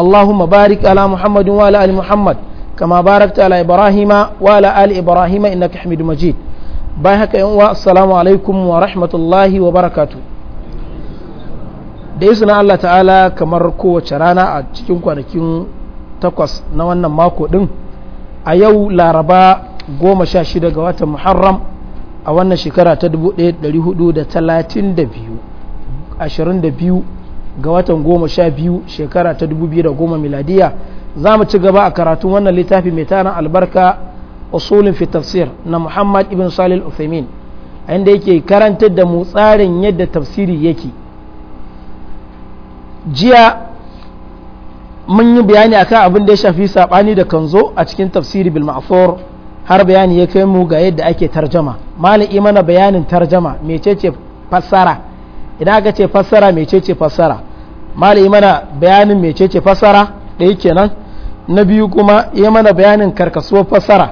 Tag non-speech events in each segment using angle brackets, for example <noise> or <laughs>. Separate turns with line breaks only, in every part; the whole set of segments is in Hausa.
اللهم بارك على محمد وعلى آل محمد كما باركت على إبراهيم وعلى آل إبراهيم إنك حميد مجيد بايحك السلام عليكم ورحمة الله وبركاته da izinin Allah ta'ala kamar kowace rana a cikin kwanakin takwas na wannan mako din a yau laraba goma sha shida ga watan muharram a wannan shekara ta 1432 22 ga watan goma sha biyu shekara ta dubu biyu da goma miladiya za mu ci gaba a karatun wannan littafi mai tarin albarka usulin fi tafsir na muhammad ibn salil uthaymin a inda yake karantar da mu tsarin yadda tafsiri yake jiya mun yi bayani akan abin da ya shafi sabani da kanzo a cikin tafsiri bil ma'thur har bayani ya kai mu ga yadda ake tarjama malai mana bayanin tarjama mecece fassara idan aka ce fassara mecece fassara malami mana bayanin mecece fassara ɗaya kenan na biyu kuma ya mana bayanin karkasuwar fassara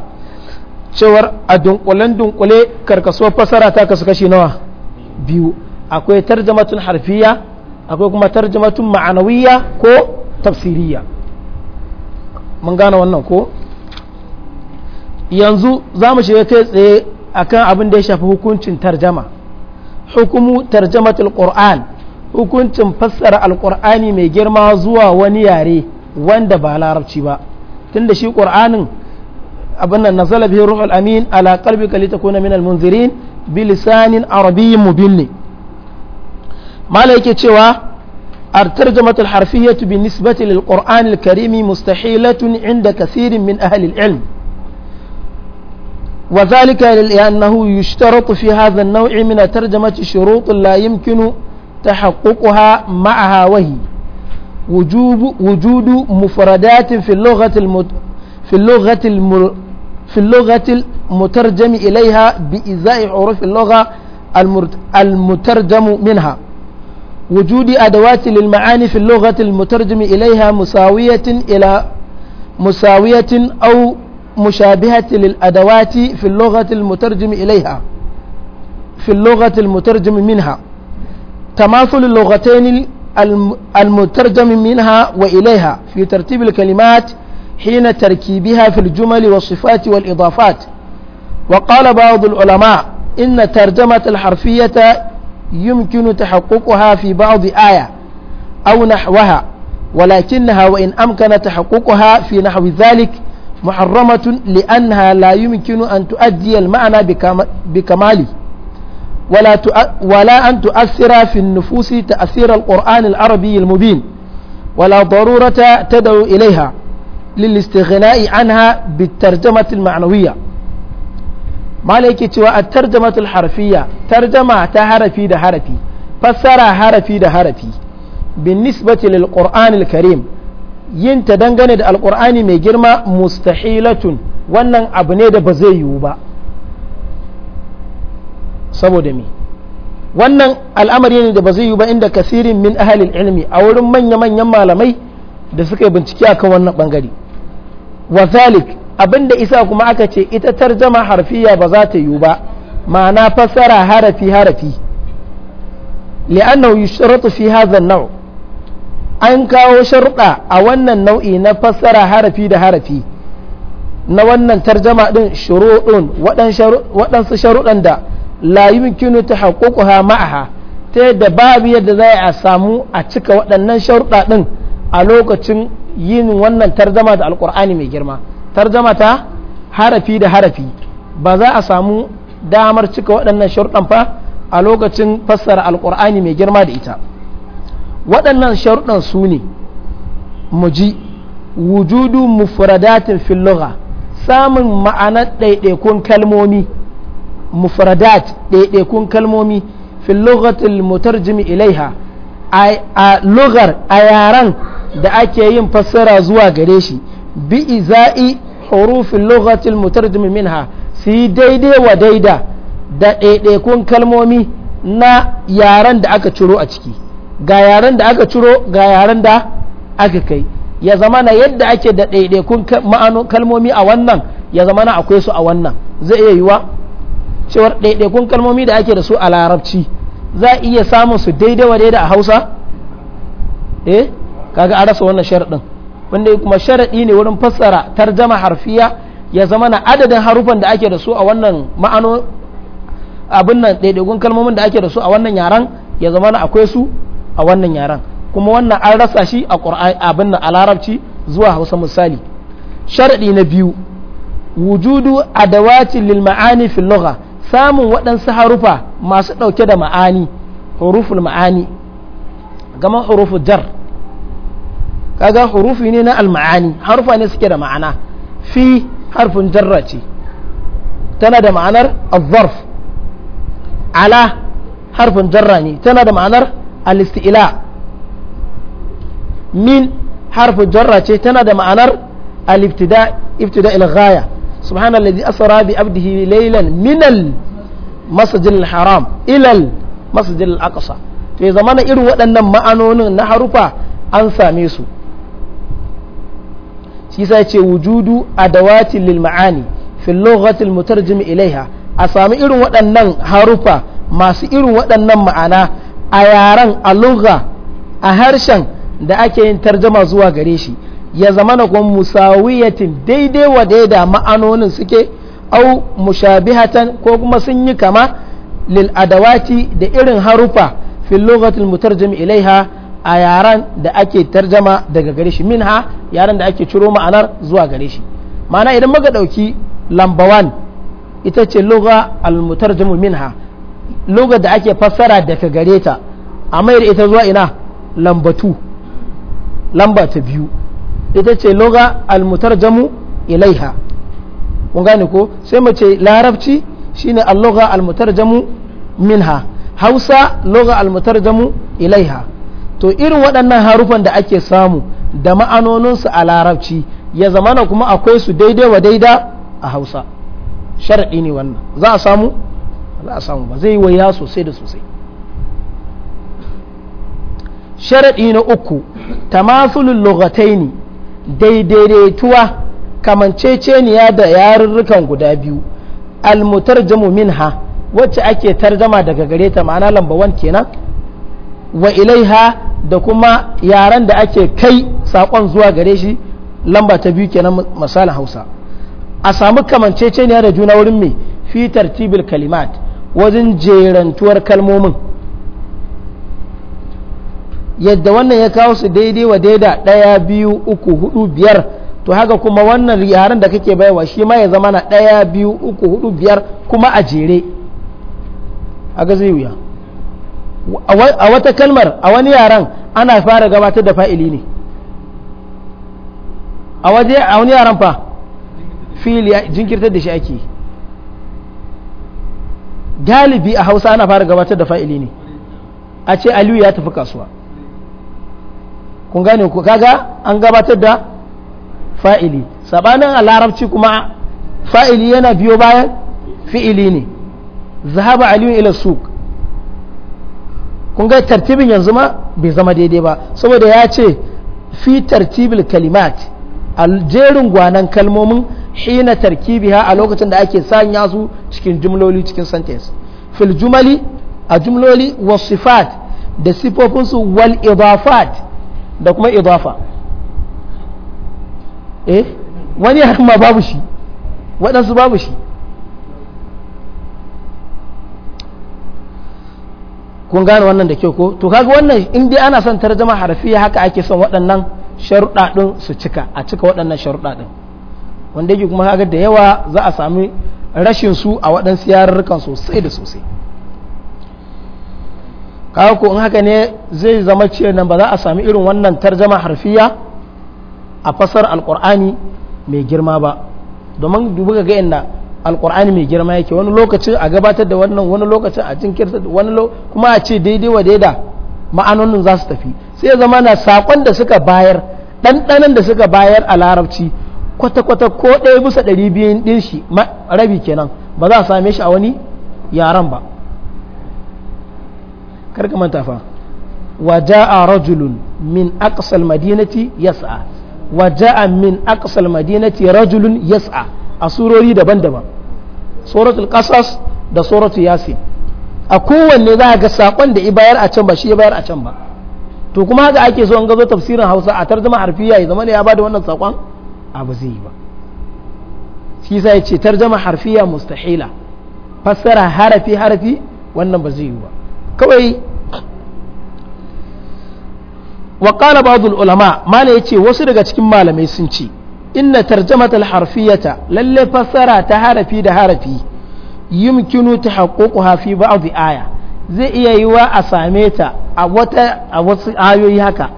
cewar a dunkulen dunkule karkasuwar fassara ta kasu kashi nawa biyu akwai tarjamatun harfiya akwai kuma tarjamatun ma'anawiya ko tafsiriya mun gane wannan ko yanzu za mu shiga kai tsaye akan abin da ya shafi hukuncin tarjama hukumu tarjamatul qur'an hukuncin fassara alqur'ani mai girma zuwa wani yare wanda ba larabci ba tunda shi qur'anin abin nan nazala bihi ruhul amin ala qalbika litakuna min almunzirin bi lisanin arabiyyin mubin ne mala yake cewa الترجمة الحرفية بالنسبة للقرآن الكريم مستحيلة عند كثير من أهل العلم وذلك لأنه يشترط في هذا النوع من الترجمة شروط لا يمكن تحققها معها وهي وجوب وجود مفردات في اللغة المت في اللغة الم في اللغة المترجم إليها بإزاء حروف اللغة المترجم منها وجود أدوات للمعاني في اللغة المترجم إليها مساوية إلى مساوية أو مشابهة للأدوات في اللغة المترجم إليها في اللغة المترجم منها تماثل اللغتين المترجم منها وإليها في ترتيب الكلمات حين تركيبها في الجمل والصفات والإضافات وقال بعض العلماء إن ترجمة الحرفية يمكن تحققها في بعض آية أو نحوها ولكنها وإن أمكن تحققها في نحو ذلك محرمة لأنها لا يمكن أن تؤدي المعنى بكماله ولا ولا أن تؤثر في النفوس تأثير القرآن العربي المبين ولا ضرورة تدعو إليها للاستغناء عنها بالترجمة المعنوية ما لك الترجمة الحرفية ترجمة تهرفي ده هرفي فسر هرفي ده هرفي بالنسبة للقرآن الكريم yin ta dangane da alkur'ani mai girma mustahilatun wannan abu ne da ba zai yiwu ba saboda me wannan al'amari ne da ba zai yiwu ba inda kasirin min ahalil ilmi a wurin manya-manyan malamai da suka yi bincike akan wannan bangare wa zalik abinda isa kuma aka ce ita tarjama harfiya ba za ta yiwu ba ma'ana fassara harafi harafi li'annahu yushratu fi hadha an an kawo sharuɗa a wannan nau'i na fassara harafi da harafi na wannan tarjama ɗin shuruɗun waɗansu sharuɗan da la kinu ta ma'aha ta yadda babu yadda za a samu a cika waɗannan sharuɗa ɗin a lokacin yin wannan tarjama da alƙur'ani mai girma tarjama ta harafi da harafi ba za a samu damar cika waɗannan sharuɗan fa a lokacin fassara alƙur'ani mai girma da ita waɗannan sharuɗan su ne mu ji wujudu mufradatin fil samun ma'anar ɗaiɗaikun kalmomi mufradat ɗaiɗaikun kalmomi fil lughatil jimi ilaiha a lugar a yaren da ake yin fassara zuwa gare shi bi iza'i hurufin mutar jimi minha su yi daidai wa daida da ɗaiɗaikun kalmomi na yaren da aka ciro a ciki ga yaren da aka ciro ga yaren da aka kai ya zama na yadda ake da ɗaiɗaikun kalmomi a wannan ya zama na akwai su a wannan zai iya yiwa cewar ɗaiɗaikun kalmomi da ake da su a larabci za a iya samun su daidai wa daidai a hausa eh kaga a rasa wannan sharaɗin wanda kuma sharaɗi ne wurin fassara tarjama harfiya ya zama na adadin harufan da ake da su a wannan ma'ano abin nan ɗaiɗaikun kalmomin da ake da su a wannan yaren ya zama na akwai su a wannan yaren kuma wannan an rasa shi a qur'ani abin nan a larabci zuwa hausa misali sharadi na biyu wujudu a lil ma'ani fil lugha samun waɗansu harufa masu ɗauke da ma'ani huruful ma'ani gama hurufu jar kaga hurufi ne na al-ma'ani harufa ne suke da ma'ana fi harfin jarra ce tana da ma'anar al ala harfin jarra ne tana da ma'anar al-isti'la min harfu jarra ce tana da ma'anar al-ibtida ibtida al-ghaya subhanallazi asra bi abdihi laylan min al-masjid al-haram ila al-masjid al-aqsa to ya zamana irin waɗannan ma'anonin na harufa an same su shi sai ce wujudu adawati lil ma'ani fil lughati al mutarjim ilaiha a sami irin waɗannan harufa masu irin waɗannan ma'ana a yaren a lugha a harshen da ake yin tarjama zuwa gare shi ya zama na kuma musawiyatin daidai wa daida ma'anonin suke au mushabihatan ko kuma sun yi kama lil adawati da irin harufa fil lughatil mutarjim ilaiha a yaran da ake tarjama daga gare shi minha yaran da ake ciro ma'anar zuwa gare shi ma'ana idan muka dauki lambawan 1 ita ce lugha al mutarjim minha lugar da ake fassara daga gare ta a mayar ita zuwa ina lambatu lamba ta biyu ita ce loga jamu ilaiha kun gane ko sai mace larabci shine almutar jamu minha hausa loga jamu ilaiha to irin waɗannan harufan da ake samu da ma'anoninsu a larabci ya zamana kuma akwai su daidai wa daida a hausa sharaɗi ne wannan za a samu za a samu ba zai waya sosai da sosai sharaɗi na uku tamasulul lughataini daidaituwa kamanceceniya da yarurrukan guda biyu almutarjamu minha wacce ake tarjama daga gare ta ma'ana lamba wan kenan wa ilaiha da kuma yaren da ake kai sakon zuwa gare shi lamba ta biyu kenan misalin Hausa a samu kamanceceniya da juna wurin mai fi tartibul kalimat wajen jerantuwar kalmomin yadda wannan ya kawo su daidai wa daida ɗaya biyu uku hudu biyar to haka kuma wannan yaren da kake baiwa shi ma ya zama na ɗaya biyu uku hudu biyar kuma a jere a zai wuya a wata kalmar a wani yaren ana fara gabatar da fa'ili ne a wani yaren fa fili jinkirtar da shi ake yi galibi a hausa ana fara gabatar da fa'ili ne a ce aliyu ya tafi kasuwa kun gane ku kaga an gabatar da fa'ili sabanin a larabci kuma fa'ili yana biyo bayan fi'ili ne zahaba aliyu ila suk kun tartibin yanzu ma bai zama daidai ba saboda ya ce fi tartibin kalimat aljerin gwanan kalmomin hina tarkibiha a lokacin da ake sanya su cikin jumloli cikin sentence fil jumali a jumloli wasifat da sifofinsu wal idafat da kuma idafa eh wani hakma babu shi waɗansu babu shi kun gane wannan da kyau ko to kaga wannan in dai ana son tarjama harafiya haka ake son waɗannan sharuɗa ɗin su cika a cika waɗannan sharuɗa ɗin wanda yake kuma kaga da yawa za a sami rashin su a waɗansu yarurrukan sosai da sosai kawo ko in haka ne zai zama ce nan ba za a sami irin wannan tarjama harfiya a fasar alkur'ani mai girma ba domin dubu ga inda alkur'ani mai girma yake wani lokacin a gabatar da wannan wani lokacin a jinkirta wani kuma a ce daidai wa daida ma'anonin za su tafi sai zama na saƙon da suka bayar ɗanɗanan da suka bayar a larabci kwata-kwata ko ɗaya bisa ɗari biyun ɗin shi rabi kenan ba za a same shi a wani yaran ba karka manta fa waja'a rajulun min aqsal madinati yas'a a min aqsal madinati rajulun yas'a a surori daban-daban suratul qasas da suratul yasi a kowanne za a ga saƙon da ibayar a can ba shi ibayar a can ba to kuma haka ake so an gazo tafsirin Hausa a tarjuma harfiya ya zama ne ya bada wannan sakon abu zai yi ba shi sa ya ce tarjama harfiya mustahila fassara harafi harafi wannan ba zai yi ba kawai wa qala ba'd ulama ya ce wasu daga cikin malamai sun ce inna tarjamata al harfiyata lalle fassara ta harafi da harafi yumkinu tahaqququha fi ba'd aya zai iya yi wa a same ta a wata a wasu ayoyi haka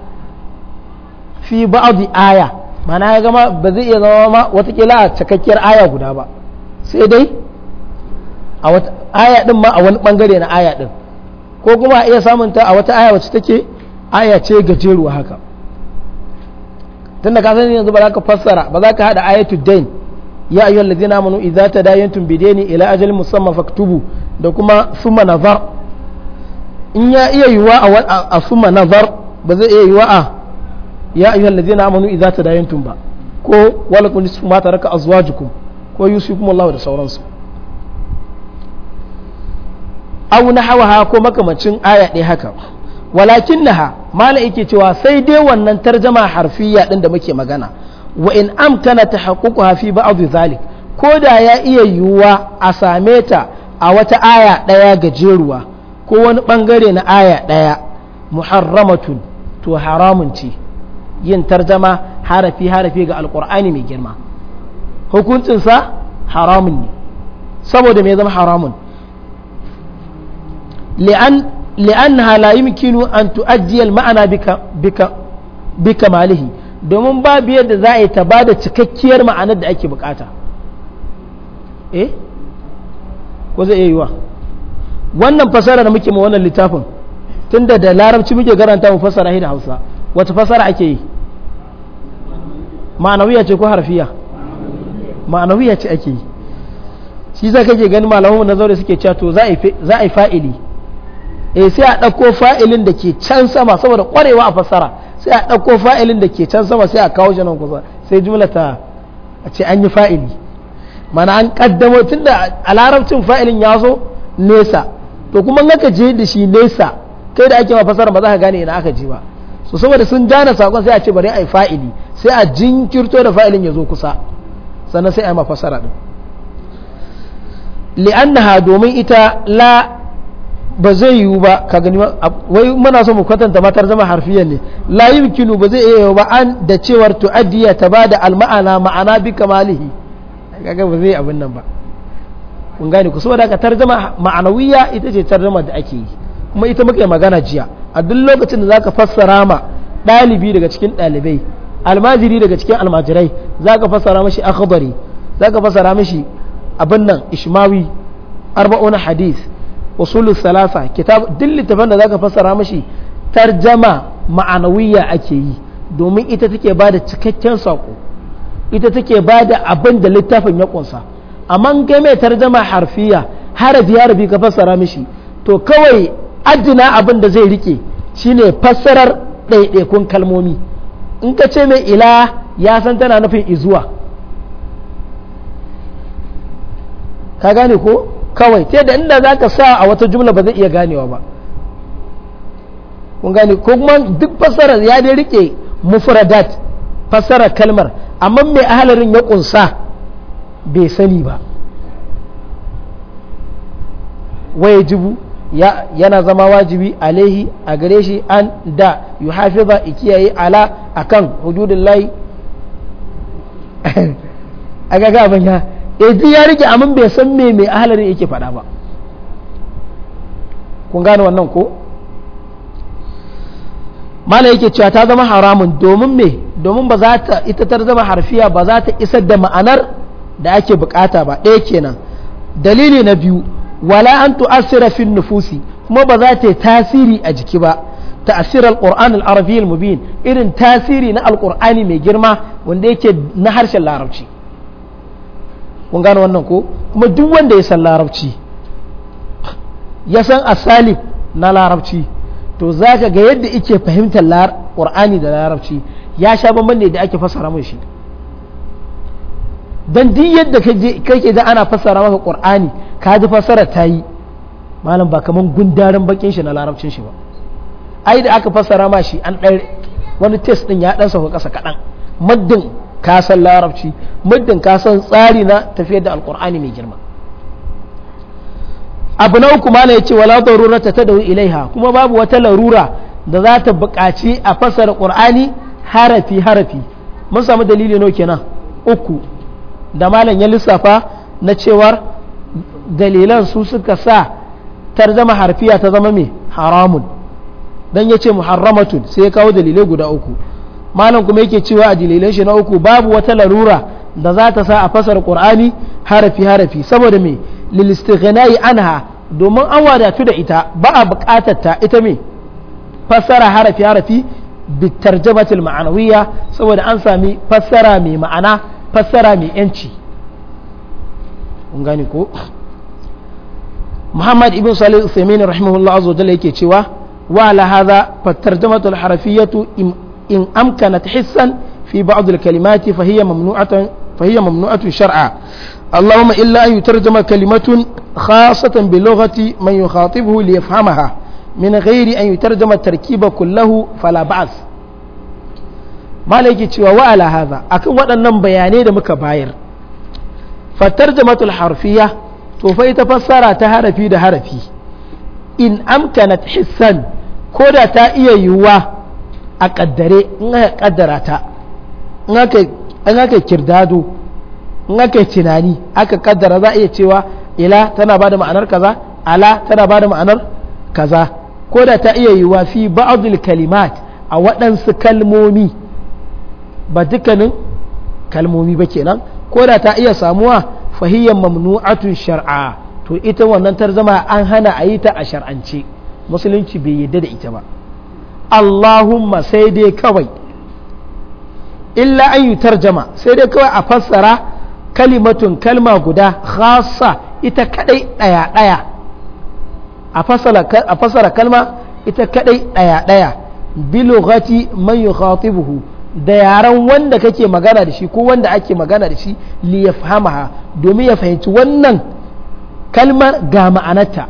fi ba'd aya mana ya gama ba zai iya zama ma watakila a cikakkiyar aya guda ba sai dai a wata aya din ma a wani bangare na aya din ko kuma a iya samun ta a wata aya wacce take aya ce gajeruwa haka tunda ka sani yanzu ba za ka fassara ba za ka hada ayatu dain ya ayyuhal ladina amanu idza tadayantum bidaini ila ajalin musamma faktubu da kuma summa nazar in ya iya yiwa a summa nazar ba zai iya yiwa a ya ayyuha allazina amanu idza tadayantum ba ko walakum nisfu ma taraka azwajukum ko yusikum Allah da sauransu aw nahawaha ko makamancin aya ɗaya haka walakin naha mala yake cewa sai dai wannan tarjama harfiya din da muke magana wa in amkana tahaqququha fi ba'd zalik ko da ya iya yiwuwa a same ta a wata aya ɗaya gajeruwa ko wani ɓangare na aya ɗaya muharramatun to haramun ce yin tarjama harafi harafi ga alkur'ani mai girma hukuncinsa haramun ne saboda me zama haramun li'an halayi mikinu an tu'ajiyar maana bika malihi domin babu yadda za a yi ta ba da cikakkiyar ma'anar da ake bukata eh ko zai yi yiwa wannan fasara da muke ma wannan littafin tunda da larabci muke garanta mu fasara hausa wata fasara ake yi ma'anawiya ce ko harfiya ma'anawiya ce ake yi shi za ke gani malamu na zaure suke cewa to za a yi fa'ili eh sai a ɗauko fa'ilin da ke can sama saboda ƙwarewa a fassara sai a ɗauko fa'ilin da ke can sama sai a kawo shi nan kusa sai jumla ta a ce an yi fa'ili mana an ƙaddamo tun da a larabcin fa'ilin ya zo nesa to kuma in aka je da shi nesa kai da ake ma fassara ba za ka gane ina aka je ba so saboda sun gane saƙon sai a ce bari a yi fa'ili sai a jinkirto da fa'ilin ya zo kusa sannan sai a yi mafasara li'an na ha domin ita la ba zai yiwu ba ka gani wai muna so mu kwatanta matar zama harfiyar ne la yumkinu ba zai iya ba an da cewar tu'addiya ta ba da alma'ana ma'ana bi kamalihi kaga ba zai abin nan ba kun gane ku saboda ka tarjama ma'anawiya ita ce tarjama da ake yi kuma ita muke magana jiya a duk lokacin da zaka fassara ma ɗalibi daga cikin ɗalibai almajiri daga cikin almajirai zaka fassara mashi akhbari zaka fassara mashi abin nan ishmawi arba'una hadis usulul salasa kitab duk littafin da zaka fassara mashi tarjama ma'anawiyya ake yi domin ita take ba da cikakken saƙo ita take ba da abin da littafin ya ƙunsa amma game tarjama harfiya harafi harafi ka fassara mishi to kawai addina abin da zai rike shine fassarar ɗaiɗaikun kalmomi in ka ce mai ila ya san tana nufin izuwa ka gane ko kawai ta da inda za ka sa a wata jumla ba zai iya ganewa ba kun gane ko kuma duk fassarar ya dai rike mufradat fassarar kalmar amma mai ahalarin ya kunsa bai sani ba wai jibu yana zama wajibi alaihi a gare shi an da yu hafiza kiyaye ala akan hududun layi <laughs> a gaga abin ya eji ya rike amin bai san me mai ahalarin yake faɗa ba kun gane wannan ko mala yake cewa ta zama haramun domin me domin ba za ta ita ta zama harfiya ba za ta isar da ma'anar da ake bukata ba ɗaya kenan dalili na biyu wala an tu'assira fi nufusi kuma ba za ta yi tasiri a jiki ba ta'asir al-qur'an al-arabi al-mubin irin tasiri na al-qur'ani mai girma wanda yake na harshen larabci kun gano wannan ko kuma duk wanda ya san larabci ya san asali na larabci to zaka ga yadda yake fahimtar qur'ani da larabci ya sha bamban ne da ake fassara mai shi dan duk yadda kake da ana fassara maka qur'ani ka ji fassara ta yi malam ba kaman gundarin bakin shi na larabcin shi ba ai da aka fassara ma shi an ɗan wani test din ya dan sauka kasa kaɗan muddin ka san larabci muddin ka san tsari na tafiyar da alqur'ani mai girma abu na uku malam yace wala ta tadu ilaiha kuma babu wata larura da za ta buƙaci a fassara ƙur'ani harafi harafi mun samu dalili nawa kenan uku da malam ya lissafa na cewar dalilan su suka sa tarzama harfiya ta zama mai haramun dan ya ce muharramatun sai ya kawo dalilai guda uku malam kuma yake cewa a dalilan shi na uku babu wata larura da za ta sa a fasar ƙur'ani harafi harafi saboda mai lil anha domin an wadatu da ita ba a buƙatar ta ita mai fassara harafi harafi bitarjabatil ma'anawiyya saboda an sami fassara mai ma'ana fassara mai yanci gani ko muhammad ibn salih usaimin rahimahullah azza jalla yake cewa wa ala hadha fatarjamatu al-harafiyatu in amkanat hissan fi ba'd al-kalimati fa hiya mamnu'atan fa hiya mamnu'atun shar'a اللهم إلا أن يترجم كلمة خاصة بلغة من يخاطبه ليفهمها من غير أن يترجم التركيب كله فلا بأس malaki cewa wa haza a akan waɗannan bayanai da muka bayar fatar jamatul harfiya to fa ita fassara ta harafi da harafi in amkanat hissan ko da ta iya yiwuwa a kaddare in aka kaddara ta in aka kirdado in aka tunani aka kaddara za a iya cewa ila tana ba da ma'anar kaza ala tana ba da ma'anar kaza ko da ta iya yiwuwa fi ba'adul kalimat a waɗansu kalmomi ba dukkanin kalmomi ba kenan ko da ta iya samuwa fahiyyar mamnu'atun shar'a to ita wannan tarzama an hana a yi ta a shar'ance musulunci bai yadda da ita ba Allahumma sai dai kawai illa an yi tarjama sai dai kawai a fassara kalimatun kalma guda khasa ita kadai daya daya a fasara kalma ita kadai daya daya bilogati man yukhatibuhu da yaran wanda kake magana da shi ko wanda ake magana da shi li ya domin ya fahimci wannan kalmar ga ma'anarta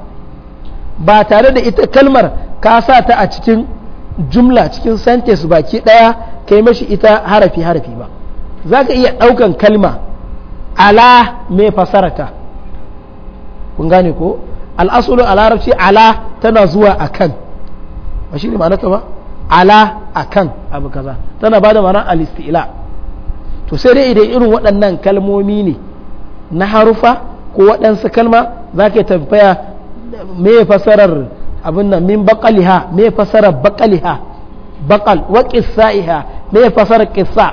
ba tare da ita kalmar ka sa ta a cikin jumla cikin sentes baki daya kai mashi ita harafi harafi ba za ka iya daukan kalma ala mai fasarata kun gane ko al'asulu al'arabci ala tana zuwa akan ba shi ne ma'anarta ba ala akan abu kaza tana bada ma'anar alistila to sai dai idan irin waɗannan kalmomi ne na harufa ko waɗansu kalma za ka tafiya me fasarar abin nan min baƙaliha me fasarar baƙaliha baƙal wa ƙissa'iha me fasarar ƙissa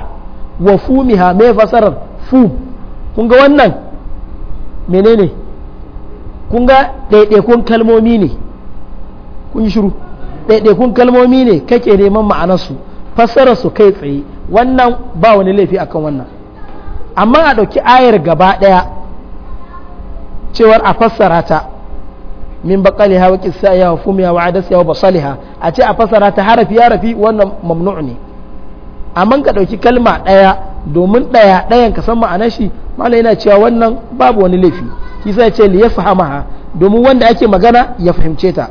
wa fumiha me fasarar fu kun ga wannan menene kun ga ɗaiɗaikun kalmomi ne kun yi shiru ɗaiɗaikun kalmomi ne kake neman ma'anarsu fassara su kai tsaye wannan ba wani laifi a kan wannan amma a ɗauki ayar gaba ɗaya cewar a fassara ta min baƙali hawa ƙisa ya wa fumiya wa adas ya wa basaliha a ce a fassara ta harafi ya rafi wannan mamnu ne amma ka ɗauki kalma ɗaya domin ɗaya ɗayan ka san ma'anar shi malam yana cewa wannan babu wani laifi kisa ya ce hama ha domin wanda ake magana ya fahimce ta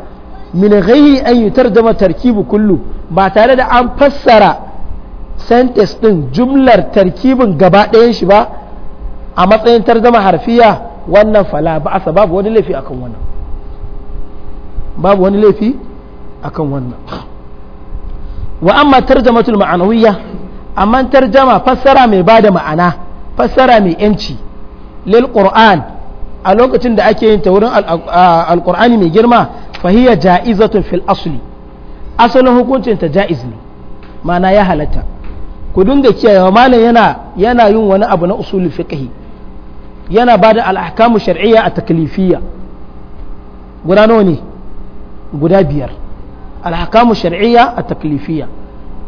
min ghairi an yutarjama tarkibu kullu ba tare da an fassara sentence din jumlar tarkibin gaba ɗayan shi ba a matsayin tarjama harfiya wannan fala ba asa babu wani laifi akan wannan babu wani laifi akan wannan wa amma tarjamatul ma'anawiyya amma tarjama fassara mai bada ma'ana fassara mai yanci lil qur'an a lokacin da ake yin ta wurin alqur'ani mai girma fahiya ja'izatun fil asli asalin hukuncin ta ja'iz ne mana ya halatta ku dinga kiyayewa malam yana yana yin wani abu na usulul fiqh yana bada da ahkamu shar'iyya a taklifiyya guda nawa ne guda biyar al shar'iyya a taklifiyya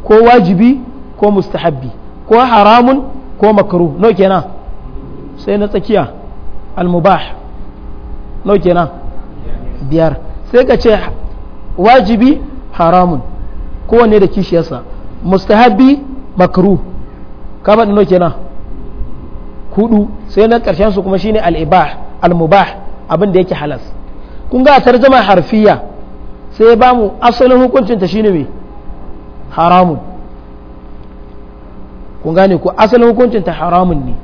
ko wajibi ko mustahabbi ko haramun ko makruh no kenan sai na tsakiya al-mubah no kenan biyar sai ka ce wajibi haramun kowanne da kishiyarsa mustahabi makaru ka da nokina kudu sai na karshen su kuma shine alibah ibah al-mubah abin da yake halas kun ga tarjuma harfiya sai ba mu asalin hukuncinta shine mai haramun kun gane ku asalin hukuncinta haramun ne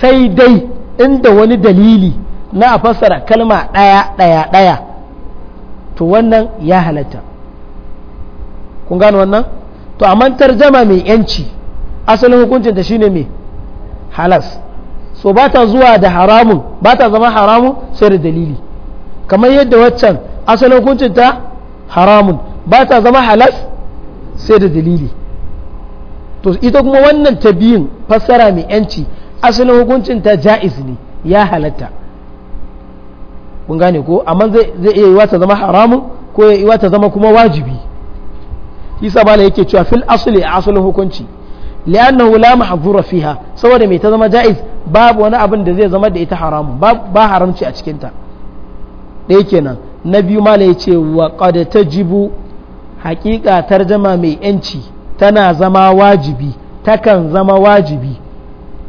sai dai inda wani dalili na a fassara kalma ɗaya ɗaya ɗaya to wannan ya halatta kun gano wannan to amma tarjama mai yanci asalin hukuncin ta shine mai halas so ba ta zuwa da haramun ba ta zama haramun sai da dalili kamar yadda waccan asalin hukuncin ta haramun ba ta zama halas sai da dalili to ita kuma wannan ta biyun fassara mai yanci asalin hukuncin ta ja'iz ne ya halatta kun gane ko amma zai iya yiwa ta zama haramun ko ya yi ta zama kuma wajibi isa bala yake cewa fil a asalin hukunci ma la mahdhura fiha saboda mai ta zama jaiz babu wani abin da zai zama da ita haramun ba haramci a cikin ta ɗaya kenan na biyu mala ya ce wa qad tajibu haƙiƙa jama mai yanci tana zama wajibi takan zama wajibi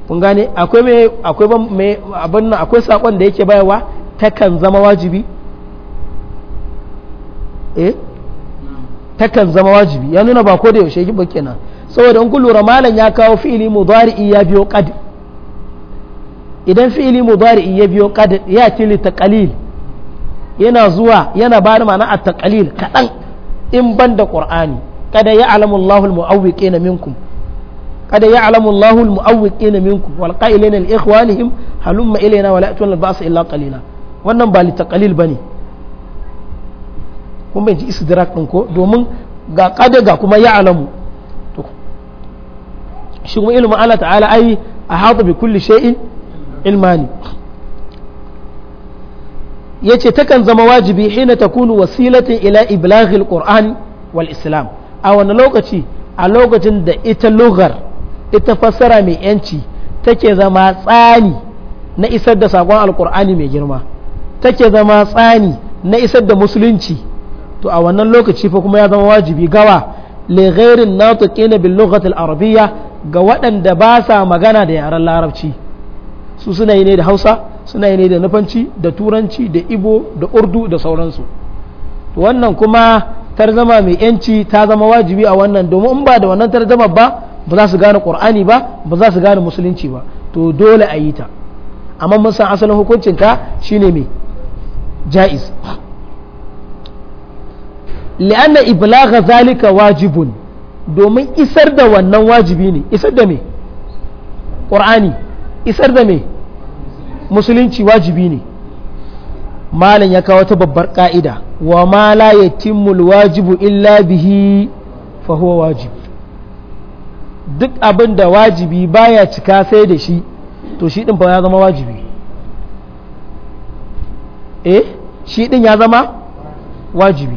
kun gane akwai akwai nan akwai sakon da yake bayarwa takan zama wajibi eh takan zama wajibi ya nuna ba ko da yaushe ba kenan saboda in kun lura malam ya kawo fi'ili mudari'i ya biyo qad idan fi'ili mudari'i ya biyo qad ya tili taqalil yana zuwa yana ba da ma'ana at-taqalil kadan in ban da qur'ani kada ya'lamu Allahu al-mu'awwiqina minkum kada ya'lamu Allahu al-mu'awwiqina minkum wal qa'ilina li ikhwanihim halumma ilayna wa la tu'al ba'sa illa qalila wannan ba litakalil ba ne kuma bai ji istidrak ɗin ko domin ga ƙada ga kuma ya alamu shi kuma ilimin ala ta'ala ayi a hatu bi kulli shay'in ilmani yace takan zama wajibi hina kunu wasilatin ila iblaghil qur'an wal islam a wani lokaci a lokacin da ita lugar ita fassara mai yanci take zama tsani na isar da sakon alƙur'ani mai girma take zama tsani na isar da musulunci to a wannan lokaci fa kuma ya zama wajibi gawa li ghairin natiqina bil lughati al arabiyya ga waɗanda ba sa magana da yaren larabci su suna yi ne da Hausa suna yi ne da nufanci da turanci da ibo da urdu da sauransu to wannan kuma tarzama mai yanci ta zama wajibi a wannan domin in ba da wannan tarzama ba ba za su gane qur'ani ba ba za su gane musulunci ba to dole a yi ta amma mun san asalin hukuncinta shine mai ja'iz li'anna iblagha zalika wajibun domin isar da wannan wajibi ne isar da me ƙur'ani isar da me musulunci wajibi ne malam ya kawo ta babbar ka'ida wa ma la yatimmul wajibu illa bihi fa huwa wajib duk abin da wajibi baya cika sai da shi to shi din fa ya zama wajibi eh shi din ya zama wajibi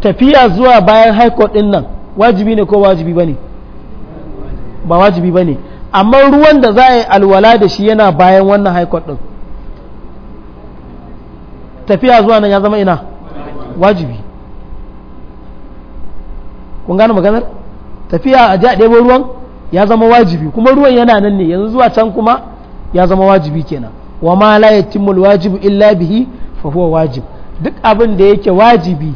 tafiya zuwa bayan haikot ɗin din nan wajibi ne ko wajibi ba ne ba wajibi ba ne amma ruwan da za a yi alwala da shi yana bayan wannan haikot ɗin din tafiya zuwa nan ya zama ina wajibi kun gane maganar tafiya a ji a ɗebo ruwan ya zama wajibi kuma ruwan yana nan ne yanzu zuwa can kuma ya zama wajibi kenan wa ma la yatimmu alwajibu illa bihi fa huwa wajib duk abin da yake wajibi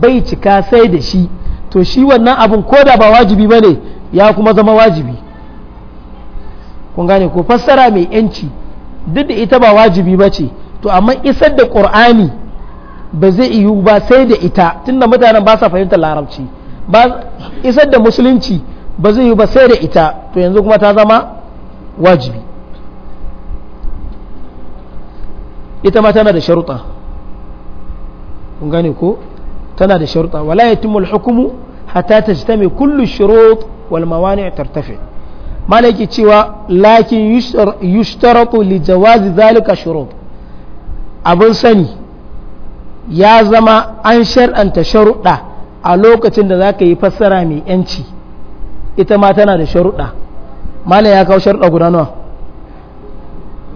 bai cika sai da shi to shi wannan abin ko da ba wajibi bane ya kuma zama wajibi kun gane ko fassara mai yanci duk da ita ba wajibi bace to amma isar da qur'ani ba zai yiwu ba sai da ita tunda mutanen ba sa fahimtar larabci ba isar da musulunci ba zai yiwu ba sai da ita to yanzu kuma ta zama wajibi ita ma tana da sharuɗa kun gane ko tana da sharuɗa wala yatimmu al-hukmu hatta tajtami kullu shurut wal mawani' malaki cewa lakin yushtaratu li jawazi zalika shurut abin sani ya zama an shar'anta sharuɗa a lokacin da zaka yi fassara mai yanci ita ma tana da sharuɗa malam ya kawo sharuɗa guda nawa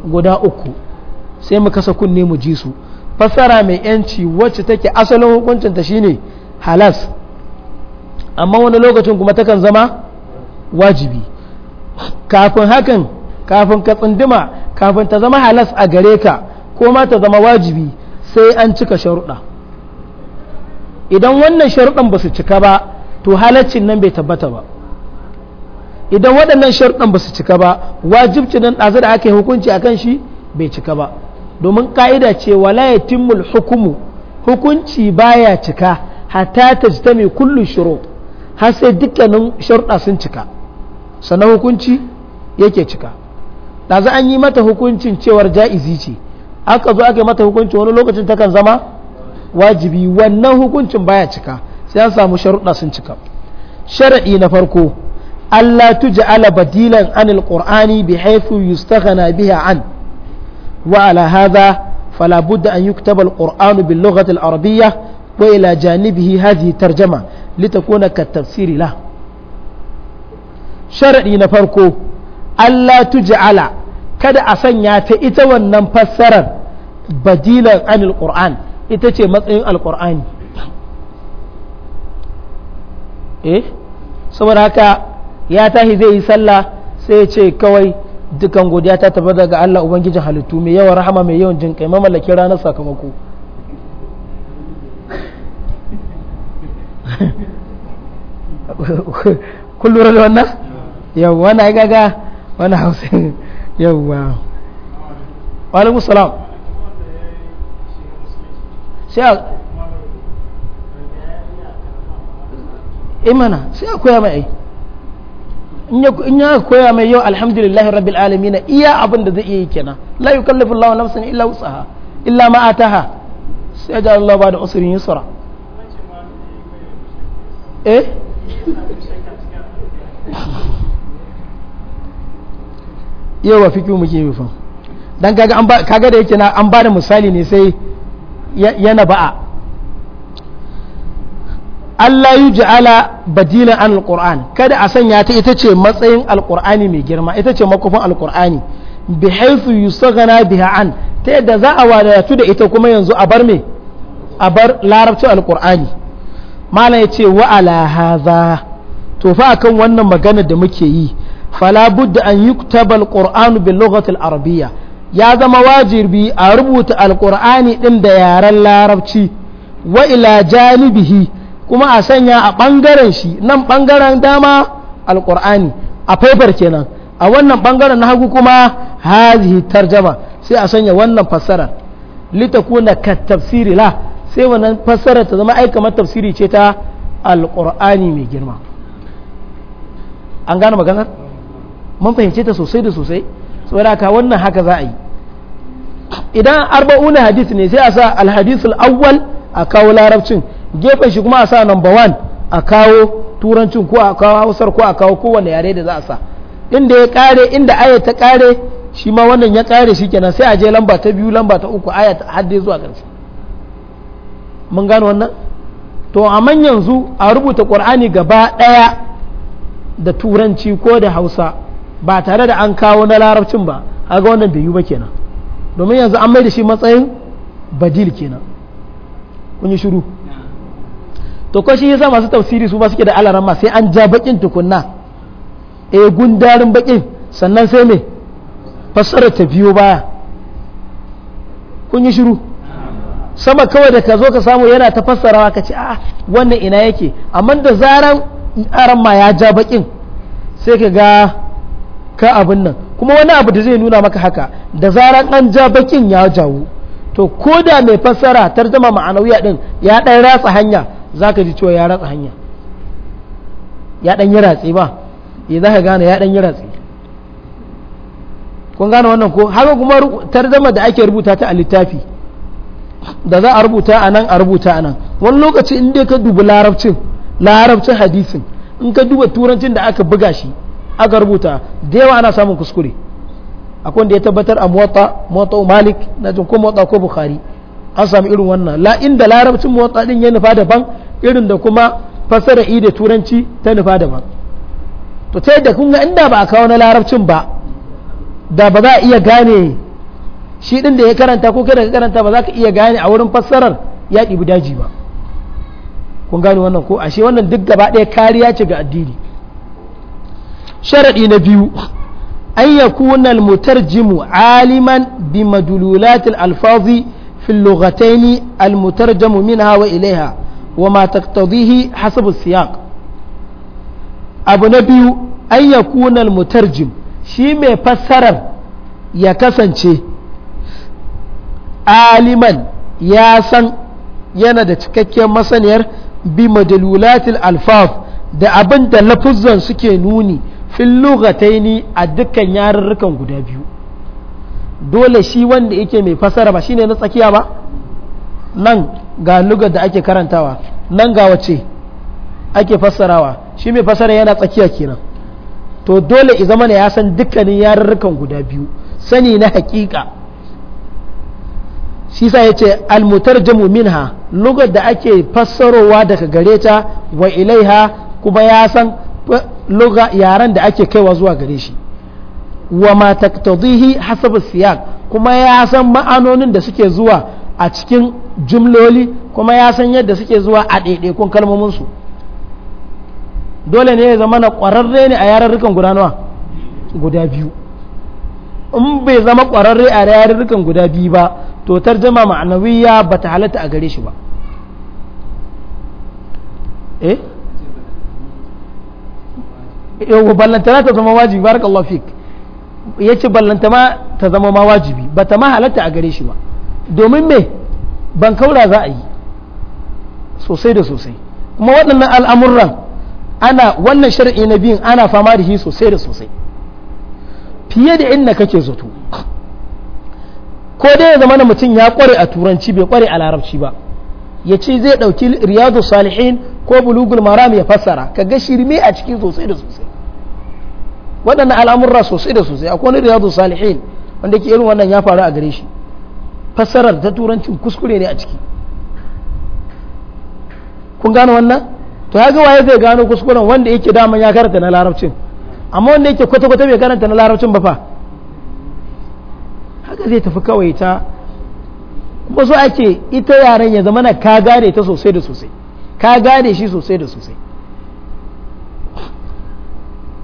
guda uku sai mu kasa kunne mu ji su fassara mai yanci wacce take asalin hukuncin ta shine halas amma wani lokacin kuma takan zama wajibi kafin hakan kafin ka tsindima kafin ta zama halas a gare ka ko ma ta zama wajibi sai an cika sharuɗa idan wannan sharuɗan ba su cika ba to halaccin nan bai tabbata ba idan waɗannan sharuɗan ba su cika ba wajibci nan ɗazu da ake hukunci a kan shi bai cika ba domin ka'ida ce wala timul hukumu hukunci baya cika hata hatta mai kullu shiro. har sai dukkanin sharuɗa sun cika sannan hukunci yake cika ɗazu an yi mata hukuncin cewar ja'izi ce aka zo aka yi mata hukuncin wani lokacin takan zama wajibi wannan hukuncin baya cika sai an samu sharuɗa sun cika sharaɗi na farko Allah Ala badilan anil qur'ani bi haythu na biha an وعلى هذا فلا بد أن يكتب القرآن باللغة العربية وإلى جانبه هذه الترجمة لتكون كالتفسير له شرعي نفركو ألا تجعل كده أسن يتئتوى النمفسر بديلا عن القرآن إتتي مطلئ القرآن إيه سوى ذلك يتهي ذي سلا سيتي كوي dukan godiya ta tabbata daga Allah ubangijin halittu mai yawan rahama mai yawan jin kai mamallakin ranar sakamako <laughs> kun lura da wannan yawwa na gaga wani hausa yawwa walaikun salam sai a imana eh, sai a koya mai in ya koya mai yau alhamdulillahi rabbil alamin iya abin da zai iya yi kenan la yukallifu Allahu nafsan illa wusaha illa ma ataha sai ja Allah ba da usrin yusra eh yau wa fikiyu muke yi fa dan kaga an ba kaga da yake na an ba da misali ne sai yana ba'a Allah yi ala badilan an qur'an kada a sanya ta ita ce matsayin alƙur'ani mai girma ita ce makofin alƙur'ani bi haifu yusagana biha an ta yadda za a wadatu da ita kuma yanzu a bar me a bar al-qur'ani. malam ya ce wa ala haza to fa akan wannan magana da muke yi fala budda an yuktaba alqur'anu bil lughati al arabiyya ya zama wajibi a rubuta al-qur'ani din da yaren larabci wa ila janibihi kuma a sanya a ɓangaren shi nan ɓangaren dama alƙur'ani a faifar kenan a wannan ɓangaren na hagu kuma hazihi tarjama sai a sanya wannan fassara Lita kuna ka tafsiri la sai wannan fassara ta zama ai kamar tafsiri ce ta alƙur'ani mai girma an gane maganar mun fahimce ta sosai da sosai saboda aka wannan haka za a yi idan arba'una hadis ne sai a sa alhadisul awwal a kawo larabcin gefen shi kuma a sa number one a kawo turancin ko a kawo hausar ko a kawo kowane yare da za a sa inda ya kare inda aya ta kare shi ma wannan ya kare shi kenan sai a je lamba ta biyu lamba ta uku aya ta hadde zuwa ƙarshe mun gano wannan to amma yanzu a rubuta qur'ani gaba ɗaya da turanci ko da hausa ba tare da an kawo na larabcin ba a ga wannan bai ba kenan domin yanzu an mai da shi matsayin badil kenan kun yi shiru to ko shi yasa masu tafsiri su ba suke da alarama sai an ja bakin tukunna eh gundarin bakin sannan sai me fassara ta biyo baya kun yi shiru sama kawai da ka zo ka samu yana ta fassarawa ka ce a wannan ina yake amma da zaran aran ma ya ja bakin sai ka ga ka abin nan kuma wani abu da zai nuna maka haka da zaran an ja bakin ya jawo to ko da mai fassara tarjama ma'anawiya din ya ɗan ratsa hanya za ka ji cewa ya ratsa hanya ya ɗan yi ratsi ba ya eh, za ka gane ya ɗan yi ratsi kun gane wannan ko haka kuma tarzama da ake rubuta ta a littafi da za a rubuta a nan a rubuta a nan wani lokaci in dai ka dubi larabcin larabcin hadisin in ka duba turancin da aka buga shi aka rubuta da yawa ana samun kuskure akwai wanda ya tabbatar a mota mota malik na jin ko mota ko bukhari an sami irin wannan la inda larabcin mota din ya nufa daban irin da kuma fassara da turanci ta nufa daban to ta yadda kun ga inda ba a kawo na larabcin ba da ba za a iya gane shi din da ya karanta ko kai da ka karanta ba za ka iya gane a wurin fassarar ya ɗibi daji ba kun gane wannan ko ashe wannan duk gaba ɗaya kariya ce ga addini sharaɗi na biyu an ya kuna almutarjimu aliman bi madululatil alfazi fi lugataini almutarjamu minha wa ilaiha wa ma taqtadihi hasabu siyaq abu na biyu an mu al-mutarjim shi mai fassarar ya kasance aliman ya san yana da cikakken masaniyar bi madalulatil alfaf da abin da lafuzzan suke nuni fil ni a dukkan yarurrukan guda biyu dole shi wanda yake mai fasara ba shine na tsakiya ba nan ga lugar da ake karantawa nan ga wace ake fassarawa shi mai fassara yana tsakiya kenan to dole i zama ya san dukkanin yarurrukan guda biyu sani na hakika shi sa ya ce almutar minha lugar da ake fassarowa daga gare ta wa ilaiha kuma ya san yaren da ake kaiwa zuwa gare shi wa ma taktadihi hasabu kuma ya san ma'anonin da suke zuwa a cikin jumloli kuma ya san yadda suke zuwa a ɗaiɗaikun kalmominsu dole ne ya zama na ƙwararre ne a yararrukan guda nawa guda biyu in bai zama ƙwararre a yararrukan guda biyu ba to tarjama ma'anawiya ba ta halatta a gare shi ba eh ballantana ta zama wajibi barakallahu fik ya ce ballantana ta zama ma wajibi ba ta ma halatta a gare shi ba domin me ban kaura za a yi sosai da sosai kuma waɗannan al'amuran ana wannan shari'i na biyun ana fama da shi sosai da sosai fiye da inda kake zato ko dai ya zama na mutum ya kware a turanci bai kware a larabci ba ya ce zai ɗauki riyadu salihin ko bulugul maram ya fassara ka ga shirme a cikin sosai da sosai waɗannan al'amurra sosai da sosai akwai wani riyadu salihin wanda ke irin wannan ya faru a gare shi fassarar ta turancin kuskure ne a ciki kun gano wannan to ya ga waye zai gano kuskuren wanda yake daman ya karanta na larabcin amma wanda yake kwata-kwata bai karanta na larabcin ba fa haka zai tafi kawai ta kuma so ake ita yaren ya zama na ka gane ta sosai da sosai ka gane shi sosai da sosai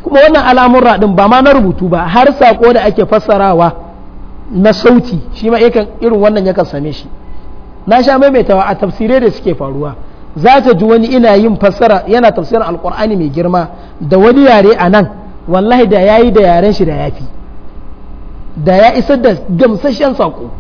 kuma wannan alamun raɗin ba ma na rubutu ba har sako da ake fassarawa na sauti shi ma yakan irin wannan yakan same shi na sha maimaitawa a tafsirai da suke faruwa za ta ji wani ina yin fassara yana tafsirin alkur'ani mai girma da wani yare a nan wallahi da ya yi da yaren shi da ya fi da ya isar da gamsashen saƙo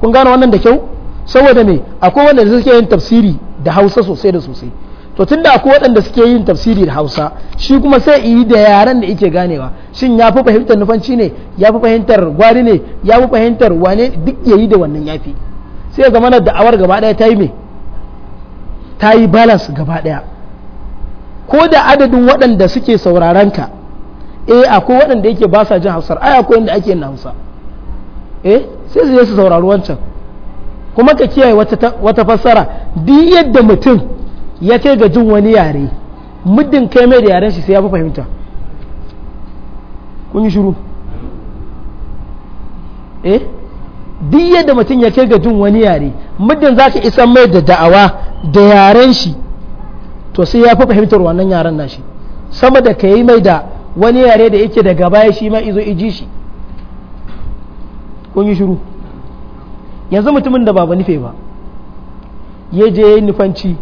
kun gane wannan da kyau saboda me akwai wanda suke yin tafsiri da hausa sosai da sosai to tunda akwai waɗanda suke yin tafsiri da hausa shi kuma sai yi da yaren da yake ganewa shin ya fi fahimtar nufanci ne ya fi fahimtar gwari ne ya fi fahimtar wane duk yayi da wannan ya fi sai ga mana da'awar gaba daya ta yi me ta yi balance gaba daya ko da adadin waɗanda suke sauraron ka eh akwai waɗanda yake ba sa jin hausar ai akwai wanda ake yin hausa eh sai su je su saurari wancan kuma ka kiyaye wata fassara duk yadda mutum ya kai ga jin wani yare muddin kai mai da yaren shi sai ya fi fahimta kun yi shiru eh duk yadda mutum ya kai ga jin wani yare muddin za ka isa mai da da'awa da yaren shi to sai ya fi fahimtar wannan yaren nashi sama da ka yi mai da wani yare da yake daga baya shi ma izo iji shi kun yi shiru yanzu mutumin da ba nufe ba ya je ya yi nufanci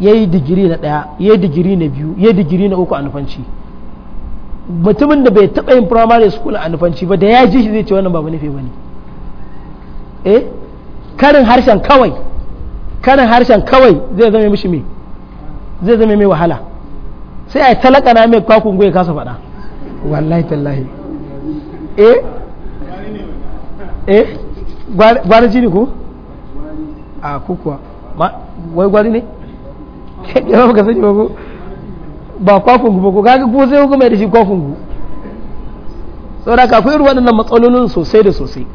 ya yi digiri na ɗaya ya yi digiri na biyu ya yi digiri na uku a nufanci mutumin da bai taɓa yin primary school a nufanci ba da ya ji shi zai ce wannan ba nufi ba ne eh karin harshen kawai karin harshen kawai zai zama mishi me zai zama mai wahala sai a yi talaka na mai kwakun goyi kasa faɗa wallahi tallahi eh eh gwari ji ne ko a kukuwa wai gwari ne ya ba ka sani ba ko ba kwafin ba ku kaga ku sai ku mai da shi kwafin ku saboda ka akwai waɗannan matsalolin sosai da sosai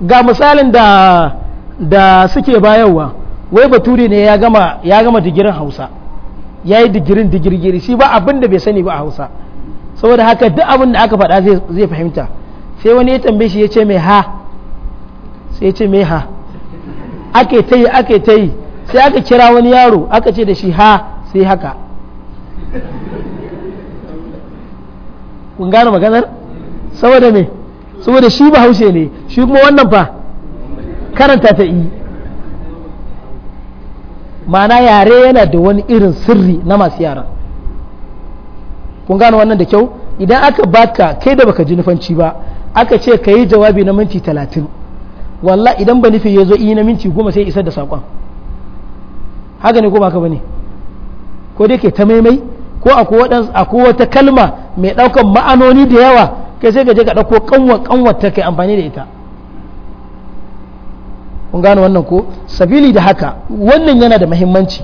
ga misalin da da suke bayarwa wai bature ne ya gama digirin hausa ya yi digirin digirgiri shi ba abin da bai sani ba a hausa saboda haka duk abin da aka faɗa zai fahimta sai wani ya tambaye shi ya ce mai ha sai ya ce mai ha ake ta yi ake ta yi sai aka kira wani yaro aka ce da shi ha sai haka kun gane maganar saboda ne saboda shi bahaushe ne shi kuma wannan fa karanta ta yi mana yare yana da wani irin sirri na masu yara kun gane wannan da kyau idan aka baka kai da baka ji nufanci ba aka ce ka yi jawabi na minti talatin walla idan ba nufi ya zo iya na minti goma sai isar da saƙon haka ne ko ba ka ba ne ko dai ke ta maimai ko akwai wata kalma mai ɗaukan ma'anoni da yawa kai sai gaje ka ɗauko kanwa kanwa ta kai amfani da ita kun gane wannan ko sabili da haka wannan yana da muhimmanci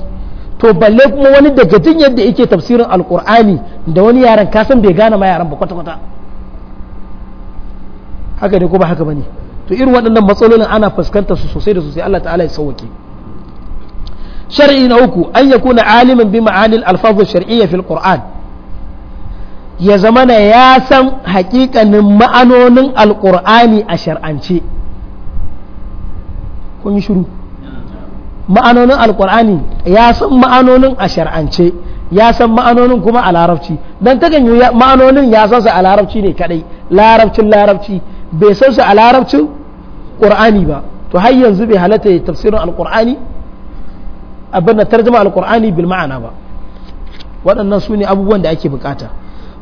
to balle kuma wani daga jin yadda yake tafsirin alkur'ani da wani yaran kasan bai gane ma yaran ba kwata-kwata haka ne ko ba haka bane to irin waɗannan matsalolin ana fuskantar su sosai da sosai Allah ta'ala ya sauwake شرعي نوكو uku an ya kuna alimin bi في القرآن يا زمان qur'an ya حقيقة ya san hakikanin ma'anonin alqur'ani a shar'ance kun yi shiru ma'anonin alqur'ani ya san ma'anonin a ya san ma'anonin kuma a larabci dan ta ganyo ma'anonin ya san su a larabci ne kadai larabcin larabci bai san su a larabcin qur'ani ba to har yanzu bai halatta tafsirin alqur'ani abin da tarjuma alqur'ani bil ma'ana ba waɗannan su abubuwan da ake bukata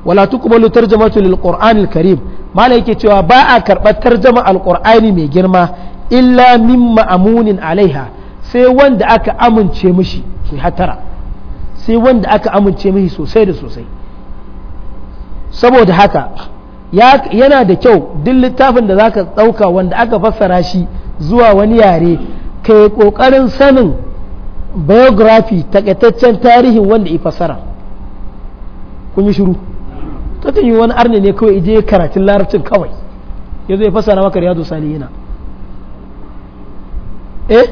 wala tuqbalu tarjamatu lil al karim malai yake cewa ba a karɓar tarjama alqur'ani mai girma illa min ma'amunin alaiha sai wanda aka amince mishi sai hatara sai wanda aka amince mishi sosai da sosai saboda haka yana da kyau duk littafin da zaka ɗauka wanda aka fassara shi zuwa wani yare kai ƙoƙarin sanin biography takaitaccen tarihin wanda ya fasara kun yi shiru ta yi wani arni ne kawai ije karatun larabcin kawai ya zai fasara maka riyadu salihina eh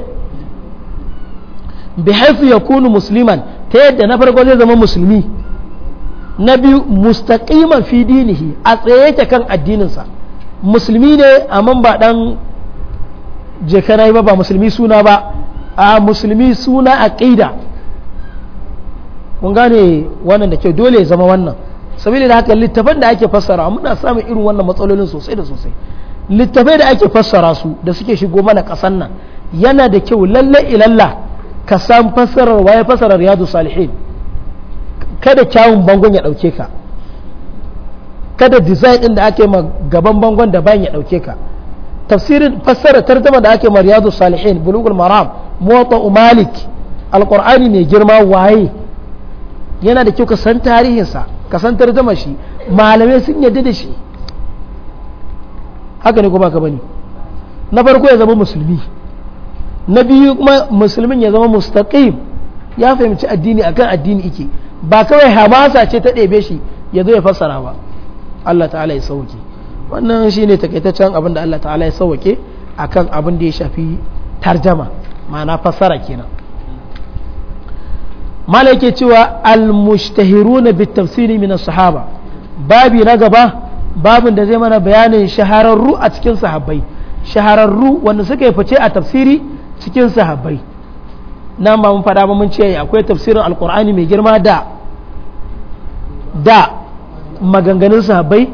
bi haifu ya kunu musliman ta yadda na farko zai zama musulmi na biyu mustaqiman fi dinihi a tsaye ta kan addininsa musulmi ne amma ba dan na ba ba musulmi suna ba a musulmi suna aƙida Mun gane wannan da kyau dole ya zama wannan saboda da haka littafan da ake fassara muna samun irin wannan matsalolin sosai da sosai littafai da ake fassara su da suke shigo mana kasan nan yana da kyau lalle ilalla ka san fassarar waye fassarar riyadu salihin kada kyawun bangon ya dauke ka kada design din da ake ma gaban bangon da bayan ya dauke ka tafsirin fassara tartama da ake ma riyadu salihin bulugul maram u malik alkur'ani mai girma waye yana da kyau ka san tarihinsa ka san tarjama shi malamai sun yadda da shi haka ne kuma ka bani na farko ya zama musulmi na biyu kuma musulmin ya zama mustaqim ya fahimci addini akan addini yake ba kawai hamasa ce ta ɗebe shi ya zo ya fassara ba Allah ta'ala ya sauke wannan shi ne takaitaccen abin da Allah ta'ala ya sauke akan abin da ya shafi tarjama ma'ana fassara kenan mala ke cewa al-mushtahiruna bi tafsiri min as-sahaba babi na gaba babin da zai mana bayanin shahararru a cikin sahabbai shahararru wanda suka yi fice a tafsiri cikin sahabbai nan ba mun fada ba mun ce akwai tafsirin alkur'ani mai girma da da maganganun sahabbai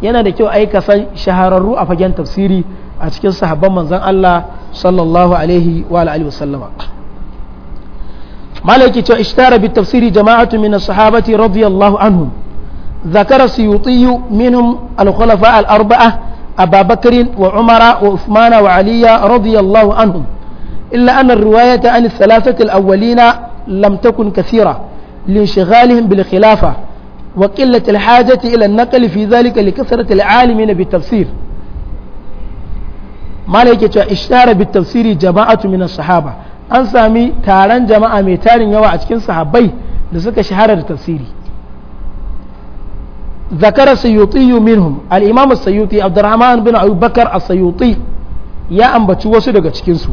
yana da kyau aika san shahararru a fagen tafsiri a cikin sahabban manzon Allah sallallahu alaihi wa alihi wasallama malaki cewa ishtara bi tafsiri jama'atu min as-sahabati radiyallahu anhum ذكر السيوطي منهم الخلفاء الأربعة أبا بكر وعمر وعثمان وعلي رضي الله عنهم إلا أن الرواية عن الثلاثة الأولين لم تكن كثيرة لانشغالهم بالخلافة وقلة الحاجة إلى النقل في ذلك لكثرة العالمين بالتفسير mala yake cewa ishtara bit tafsiri jama'atu min sahaba an sami taron jama'a mai tarin yawa a cikin sahabbai da suka shahara da tafsiri zakara sayyuti minhum al-imam sayyuti abdurrahman bin abubakar as-sayyuti ya ambaci wasu daga cikinsu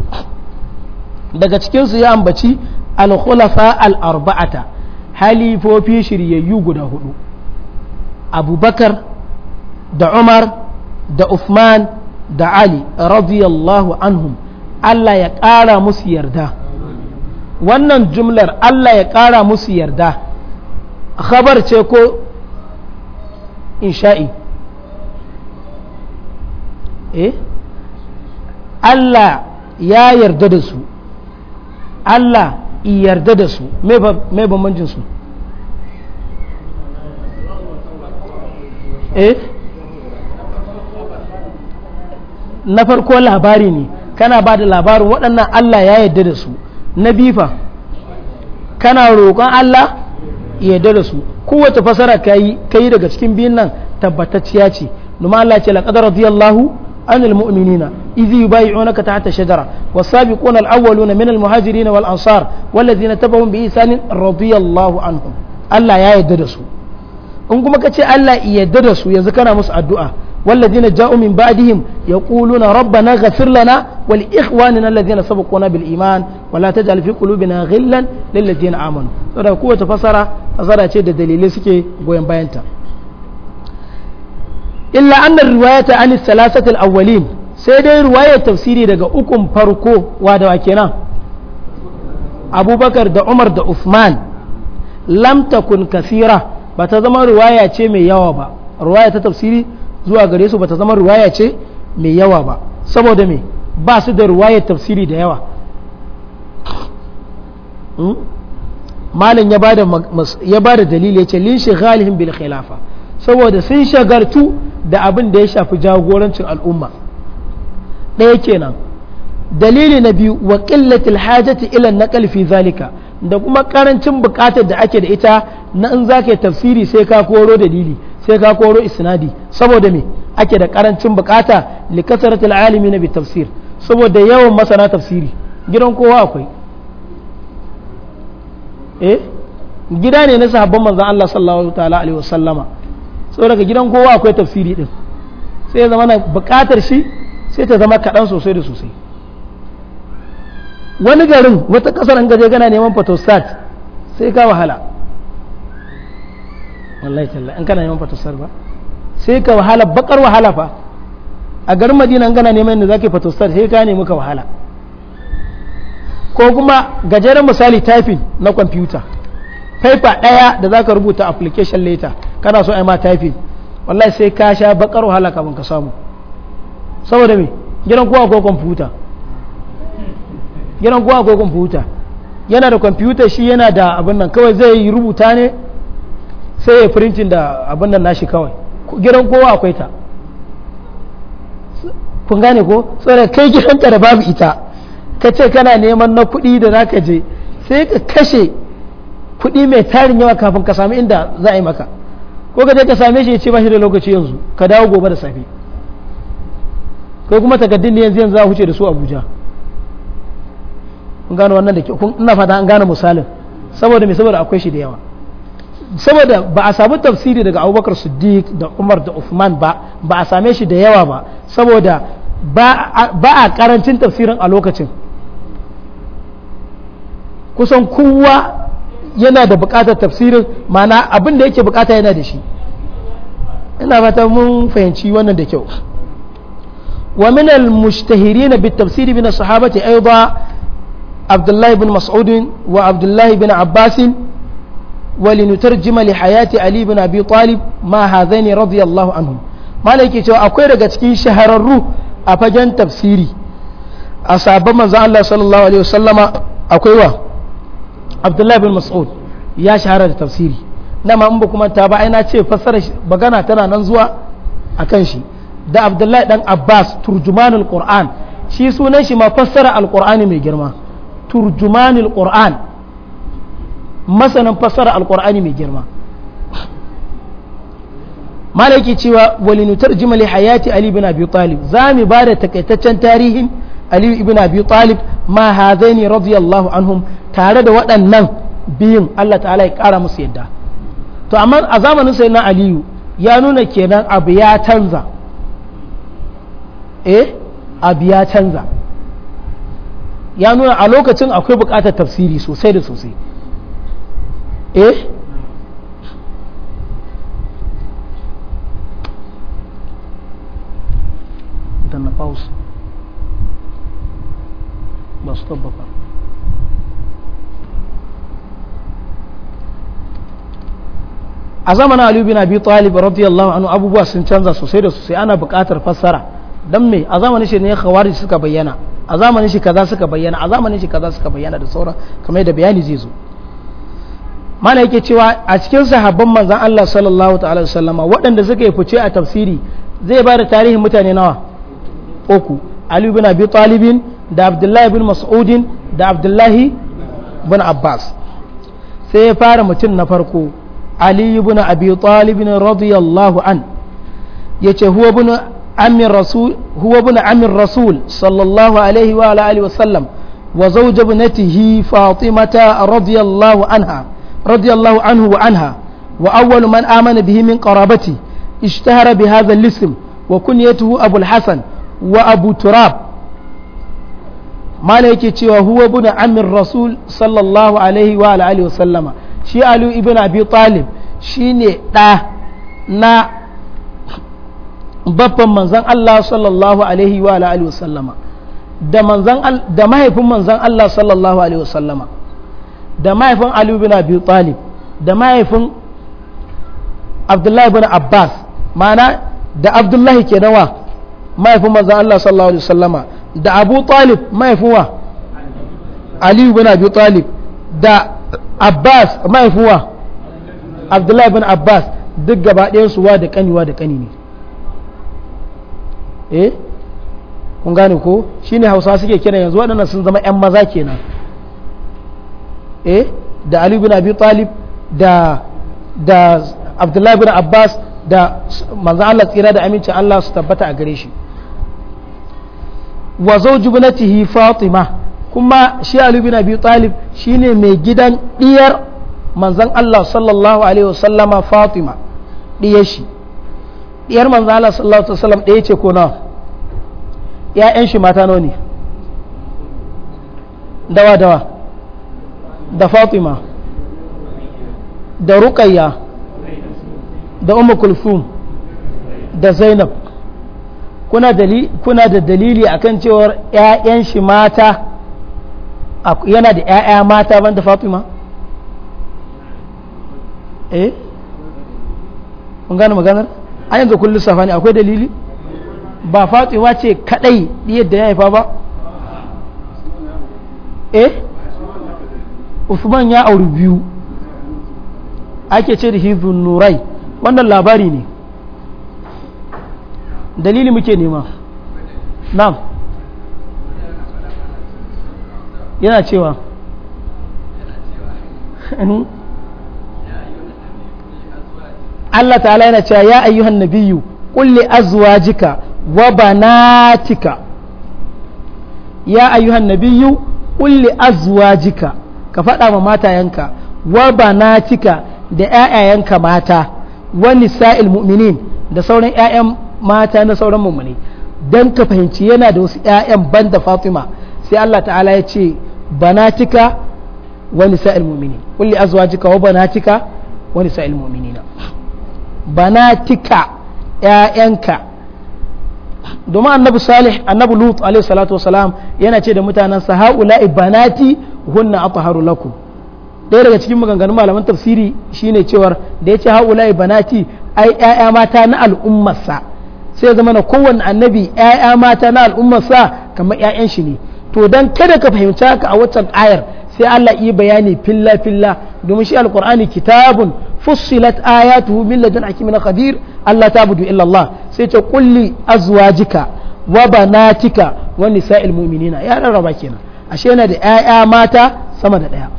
daga cikinsu ya ambaci al-khulafa al-arba'ata halifofi shiryayyu guda hudu abubakar da umar da uthman da Ali radiyallahu anhum Allah ya ƙara musu yarda wannan jumlar Allah ya ƙara musu yarda khabar ce ko insha'i eh Allah ya yarda da su Allah yarda da su mai bambancin su eh na farko labari ne kana ba da labarin waɗannan Allah ya yarda da su na bifa kana roƙon Allah ya yarda da su kowace fasara ka yi daga cikin biyun nan tabbatacciya ce numa Allah ce laqad radiyallahu anil mu'minina idh yubay'unaka tahta shajara was-sabiquna al-awwaluna min al-muhajirin wal-ansar wallazina tabawun bi ihsan radiyallahu anhum Allah ya yarda da su in kuma ka ce Allah ya yarda da su yanzu kana musu addu'a ja na والذين جاءوا من بعدهم يقولون ربنا غفر لنا ولإخواننا الذين سبقونا بالإيمان ولا تجعل في قلوبنا غلا للذين آمنوا saboda kowace fasara fasara ce da dalilai suke goyon bayanta illa annar riwayata an salasatil awwalin sai dai riwayar tafsiri daga ukun farko wa da kenan abubakar da umar da usman lam takun kasira ba ta zama riwaya ce mai yawa ba riwaya ta tafsiri zuwa gare su bata zama ruwaya ce mai yawa ba saboda me ba su da ruwayar tafsiri da yawa hmm? malin ya ba da dalili ya ce lin ghalihin bil khilafa saboda sun shagartu da abin da ya shafi jagorancin al'umma ɗaya kenan dalili na biyu wa ƙillatil hajati ilan na ƙalfi zalika da kuma ƙarancin buƙatar da ake da ita na in zaka tafsiri sai ka koro dalili sai ka koro isnadi saboda me ake da karancin bukata li kasaratil alimin bi tafsir saboda yawan masana tafsiri gidan kowa akwai eh gida ne na sahabban manzon Allah sallallahu ta'ala alaihi wasallama saboda gidan kowa akwai tafsiri din sai ya zama na bukatar shi sai ta zama kaɗan sosai da sosai wani garin wata kasar an gaje gana neman photostat sai ka wahala wallahi talla in kana neman fatosar ba sai ka wahala bakar wahala fa a garin madina in kana neman yadda zaka fatosar sai ka nemi ka wahala ko kuma gajeren misali typing na kwamfuta paper ɗaya da zaka rubuta application letter kana so ai ma typing wallahi sai ka sha bakar wahala kafin ka samu saboda me gidan kowa ko kwamfuta gidan kowa ko kwamfuta yana da kwamfuta shi yana da abin nan kawai zai yi rubuta ne sai ya firintin da abin nan nashi kawai gidan kowa akwai ta kun gane ko tsara kai gidanta da babu ita ka ce kana neman na kuɗi da za ka je sai ka kashe kuɗi mai tarin yawa kafin ka sami inda za a yi maka ko ka je ka same shi ya ce ba shi da lokaci yanzu ka dawo gobe da safe ko kuma takaddun ne yanzu yanzu za a huce da su abuja kun gano wannan da kyau ina fata an gane misalin saboda mai saboda akwai shi da yawa saboda ba a samu tafsiri daga abubakar siddiq da umar da uthman ba ba a same shi da yawa ba saboda ba a karancin tafsirin a lokacin kusan kowa yana da bukatar tafsirin mana abin da yake bukata yana da shi ina fata mun fahimci wannan da kyau wa min al-mushtahirin bi tafsiri min sahabati aidan Abdullahi bin Mas'ud wa Abdullahi bin Abbas ولنترجم لحياة علي بن أبي طالب ما هذين رضي الله عنهم ke cewa akwai daga cikin shahararru a fagen tafsiri a sabon manzan Allah sallallahu alaihi wasallama akwai wa Abdullahi bin Mas'ud ya shahara da tafsiri na ma ba kuma ta ba ai na ce fassara bagana tana nan zuwa akan shi da Abdullahi dan Abbas turjumanul Qur'an shi sunan shi ma fassara alqur'ani mai girma turjumanul Qur'an masanin fassara alkur'ani mai girma malaki cewa walinutar jimali hayati ali ibn abi talib za mu ba da takaitaccen tarihin ali ibn abi talib ma hazaini radiyallahu anhum tare da waɗannan biyun Allah ta'ala ya ƙara musu yadda to amma a zamanin sai na aliyu ya nuna kenan abu ya canza eh abu ya canza ya nuna a lokacin akwai buƙatar tafsiri sosai da sosai eh danna pause ba su tabbata a zamanin aliyu bin abi talib radiyallahu anhu abubuwa sun canza sosai da sosai ana buƙatar fassara don me a zamanin shi ne khawarij suka bayyana a zamanin shi kaza suka bayyana a zamanin shi kaza suka bayyana da sauran kamar da bayani zai zo mana yake cewa a cikin sahabban manzan Allah sallallahu ta'ala sallama waɗanda suka yi fice a tafsiri zai ba da tarihin mutane nawa uku Ali bin Abi Talibin da Abdullahi bin Mas'udin da Abdullahi bin Abbas sai ya fara mutum na farko Ali bin Abi Talibin radiyallahu an yace huwa bin amin rasul huwa bin amin rasul sallallahu alaihi wa alihi wa sallam wa zawj ibnatihi Fatimata radiyallahu anha رضي الله عنه وعنها وأول من آمن به من قرابته اشتهر بهذا الاسم وكنيته أبو الحسن وأبو تراب ما لك هو ابن عم الرسول صلى الله عليه وعلى آله وسلم شي علي ابن أبي طالب شيني دا نا babban manzan Allah sallallahu alaihi wa alihi wasallama da manzan da mahaifin manzan Allah sallallahu alaihi wasallama da mahaifin Ali na biyu Talib da mahaifin Abdullahi bin Abbas mana da Abdullahi ke nawa mahaifin maza Allah sallallahu alaihi wasallama da Abu Talib mahaifin wa Ali bin Abi Talib da Abbas mahaifin wa Abdullahi bin Abbas duk gaba su wa da kaniwa da kani ne eh kun gane ko shine Hausa suke kiran yanzu waɗannan sun zama 'yan maza kenan eh da Ali bin Abi Talib da da Abdullah bin Abbas da manzo Allah tsira da amincin Allah su tabbata a gare shi wa zawju binatihi Fatima kuma shi Ali bin Abi Talib shine mai gidan diyar manzon Allah sallallahu alaihi wasallama Fatima diyar shi diyar manzon Allah sallallahu alaihi wasallam ɗaya ce ko nawa ƴaƴan shi mata nawa ne dawa dawa da fatima da rukayya da umar kulfum da zainab kuna da dalili akan cewar 'ya'yan shi mata yana da 'ya'ya mata ban da fatima eh mun gane maganar an yanzu kullum safani akwai dalili ba fatima ce kadai yadda ya haifa ba eh usman ya auri biyu ake ce da hizun nurai wannan labari ne dalili muke nema na'am yana cewa hm? Allah ta'ala yana cewa ya ayyuhan nabiyu kulli azwajika wa banatika ya ayyuhan nabiyu kulli azwajika ka faɗa ma matayenka wa banatika da 'ya'yayenka mata wani nisa'il mu'minin da sauran 'ya'yan mata na sauran mummuni don ka fahimci yana da wasu 'ya'yan da Fatima sai Allah ta'ala ya ce banatika wani nisa'il mu'minin kulli azwajika wa banatika wa nisa'il mu'minina banatika 'ya'yanka domin annabi salih annabi lut alaihi salatu wasalam yana ce da mutanen mutanensa haula'i banati hunna atharu lakum ɗaya daga cikin maganganun malaman tafsiri shine cewar da yace haula'i banati ai ƴaƴa mata na al'ummarsa sai zama na kowanne annabi ƴaƴa mata na al'ummarsa kamar ƴaƴan shi ne to dan kada ka fahimci haka a waccan ayar sai Allah yi bayani filla filla domin shi alqur'ani kitabun fussilat ayatuhu min ladun hakimin qadir Allah ta'budu illa Allah sai ce kulli azwajika wa banatika wa nisa'il mu'minina ya rarraba kenan ashe yana da 'ya'ya mata sama da ɗaya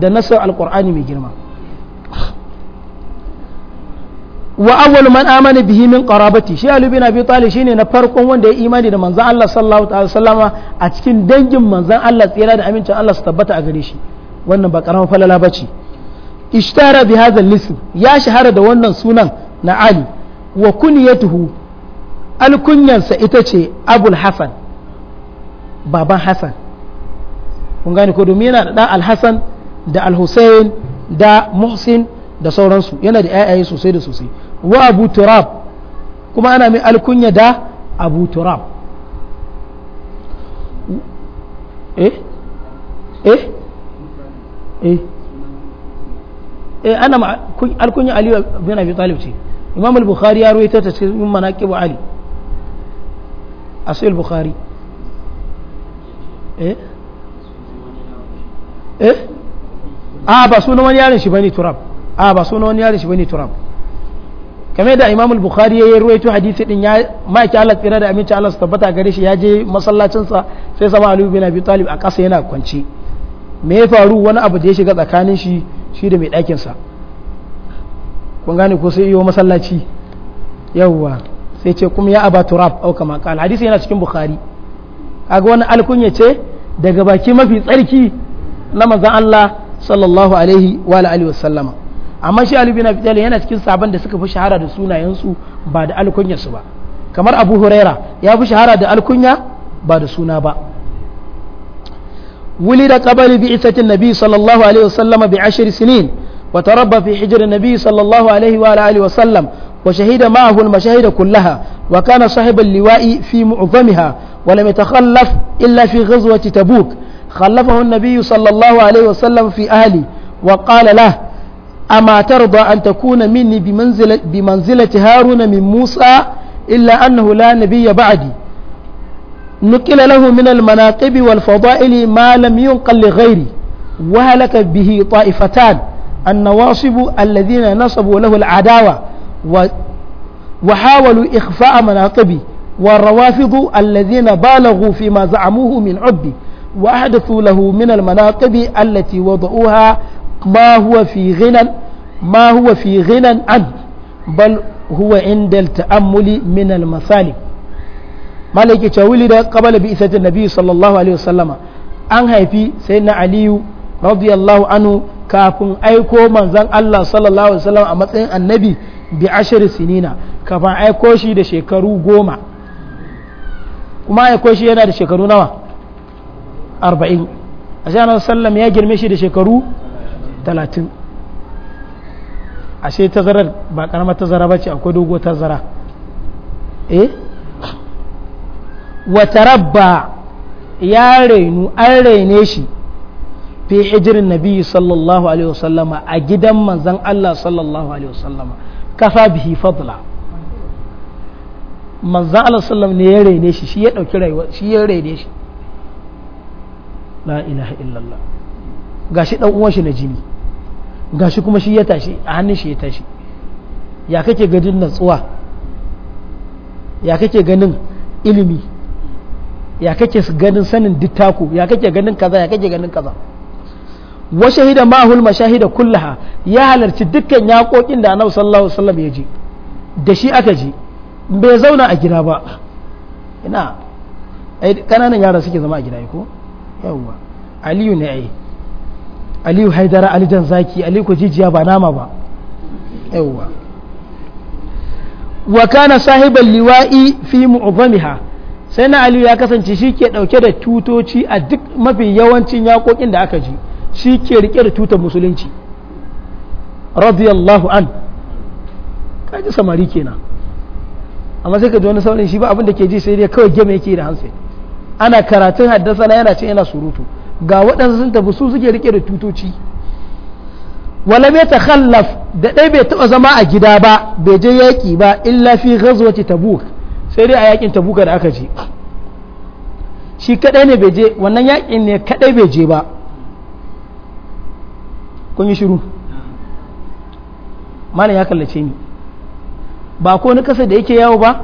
da nasar alkur'ani mai girma wa awwal man amana bihi min qarabati shi alubi bin abi talib shine na farkon wanda ya imani da manzon Allah sallallahu alaihi a cikin dangin manzon Allah tsira da amincin Allah su tabbata a gare shi wannan ba karamin falala bace ishtara bi hadha al-ism ya shahara da wannan sunan na ali wa kunyatuhu alkunyarsa ita ce abul hasan baban hassan kun gane ko domin yana da ɗa alhassan da alhussein da muhsin da sauransu yana da yayaye sosai da sosai wa abu turab kuma ana mai alkunya da abu turab eh eh eh eh ana alkunya aliyu bin abi talib ce imam al-bukhari ya ruwaita ta cikin manaqib ali asil bukhari eh eh a ah, ba sunan wani yaron shi bane turab a ah, ba sunan wani yaron shi bane turab kamar da imamul bukhari ya ruwaito hadisi din ya maki Allah tsira da aminci Allah su tabbata gare shi ya je masallacin sa sai sama Ali bin Abi Talib a kasa yana kwance me ya faru wani abu da ya shiga tsakanin shi shi da mai ɗakin sa kun gane ko sai iyo masallaci yawwa sai ce kuma ya aba turab au kama qala hadisi yana cikin bukhari kaga wani alkunya ce daga baki mafi tsarki na manzon Allah sallallahu alaihi wa alihi wasallama amma shi Ali bin Abi Talib yana cikin sabon da suka fi shahara da sunayensu ba da alkunyarsu ba kamar Abu Huraira ya fi shahara da alkunya ba da suna ba ولد قبل بعثة النبي صلى الله عليه وسلم بعشر سنين وتربى في حجر النبي صلى الله عليه وآله وسلم وشهد معه المشاهد كلها وكان صاحب اللواء في معظمها ولم يتخلف إلا في غزوة تبوك خلفه النبي صلى الله عليه وسلم في أهلي وقال له أما ترضى أن تكون مني بمنزلة, بمنزلة هارون من موسى إلا أنه لا نبي بعدي نقل له من المناقب والفضائل ما لم ينقل لغيري وهلك به طائفتان النواصب الذين نصبوا له العداوة وحاولوا إخفاء مناقبي والروافض الذين بالغوا فيما زعموه من عبي وأحدثوا له من المناقب التي وضعوها ما هو في غنى ما هو في غنى عنه بل هو عند التأمل من المثالب مالك ولد قبل بئسة النبي صلى الله عليه وسلم أن هيفي سيدنا علي رضي الله عنه كافن أيكو من زن الله صلى الله عليه وسلم أمتين النبي bi ashir sinina kafin aiko shi da shekaru goma kuma aiko shi yana da shekaru nawa arba'in a shanar sallam ya girme shi da shekaru talatin a ashe tazarar ba karamar tazara ba ce akwai dogo tazara eh wata rabba ya rainu an raine shi fi hijirin nabi sallallahu alaihi wasallama a gidan manzan Allah sallallahu alaihi wasallama kafa bihi fadla manzo Allah sallam ne ya raine shi shi ya ɗauki rayuwa shi ya raine shi la ilaha illallah gashi dan uwan shi na jini gashi kuma shi ya tashi a hannun shi ya tashi ya kake ganin natsuwa ya kake ganin ilimi ya kake ganin sanin dittako ya kake ganin kaza ya kake ganin kaza wa shahida mahul mashahida kullaha ya halarci dukkan yaƙoƙin da annabi sallallahu alaihi wasallam ya ji da shi aka ji bai zauna a gida ba ina ai kananan yara suke zama a gida ko yawwa aliyu ne ai aliyu haidara alijan zaki aliyu ko jijiya ba nama ba yawwa wa kana sahiban liwa'i fi mu'zamiha sai na aliyu ya kasance shi ke dauke da tutoci a duk mafi yawancin yaƙoƙin da aka ji shi ke rike da tutar musulunci radiyallahu an kaji samari kenan amma sai ka ji wani saurin shi ba abin da ke ji sai dai kawai game yake da hansu ana karatun haddasa na yana ce yana surutu ga waɗansu sun tafi su suke rike da tutoci wala bai ta khallaf da ɗai bai taɓa zama a gida ba bai je yaƙi ba illa fi ghazwati tabuk sai dai a yaƙin tabuka da aka je shi kaɗai ne bai je wannan yaƙin ne kaɗai bai je ba kun yi shiru malam ya kallace ni ba ko ni kasa da yake yawo ba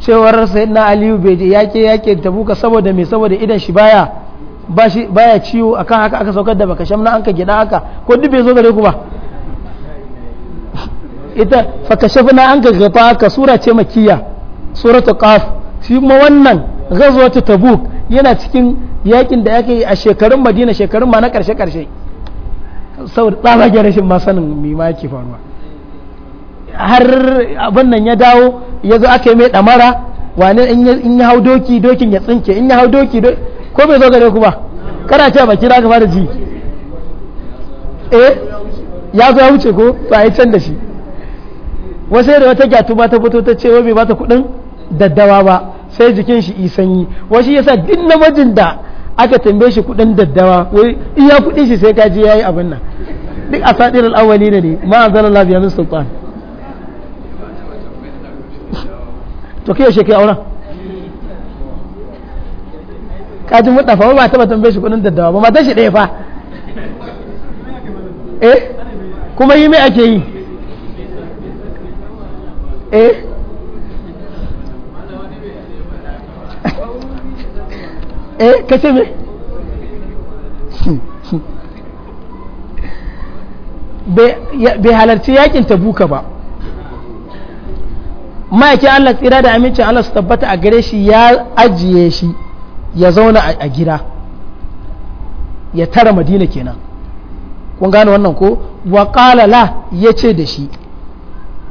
cewar na aliyu bai je yake yake tabuka saboda me saboda idan shi baya shi baya ciwo akan haka aka saukar da baka shamna anka gida haka ko duk bai zo gare ku ba <laughs> ita fakashafna anka gafa haka sura ce makiyya suratu qaf shi ma wannan ghazwatu tabuk yana cikin yakin da yake a shekarun madina shekarun ma na karshe karshe saboda tsabagen rashin ma sanin mima ma yake faruwa har abin nan ya dawo ya zo aka yi mai ɗamara wane in ya hau doki dokin ya tsinke in ya hau doki ko bai zo gare ku ba kana ce ba kira gaba fara ji eh ya zo ya wuce ko to a yi can da shi wasu yadda wata gyatu ba ta fito ta ce bai ba ta kuɗin daddawa ba sai jikin shi isanyi wasu yasa duk namijin da aka tambaye shi kudin daddawa wai iya kudin shi sai ka je yayi abin nan duk asadir al-awwali ne ma anzalallahu bihi min sultan to kai shi kai aura ka ji mutafa ba ta tambaye shi kudin daddawa ba matan shi ɗaya fa eh kuma yi mai ake yi eh eh bai halarci yakin buka ba ma'aikin Allah tsira da amincin Allah su tabbata a gare shi ya ajiye shi ya zauna a gida ya tara madina kenan kun gane wannan ko wa la ya ce da shi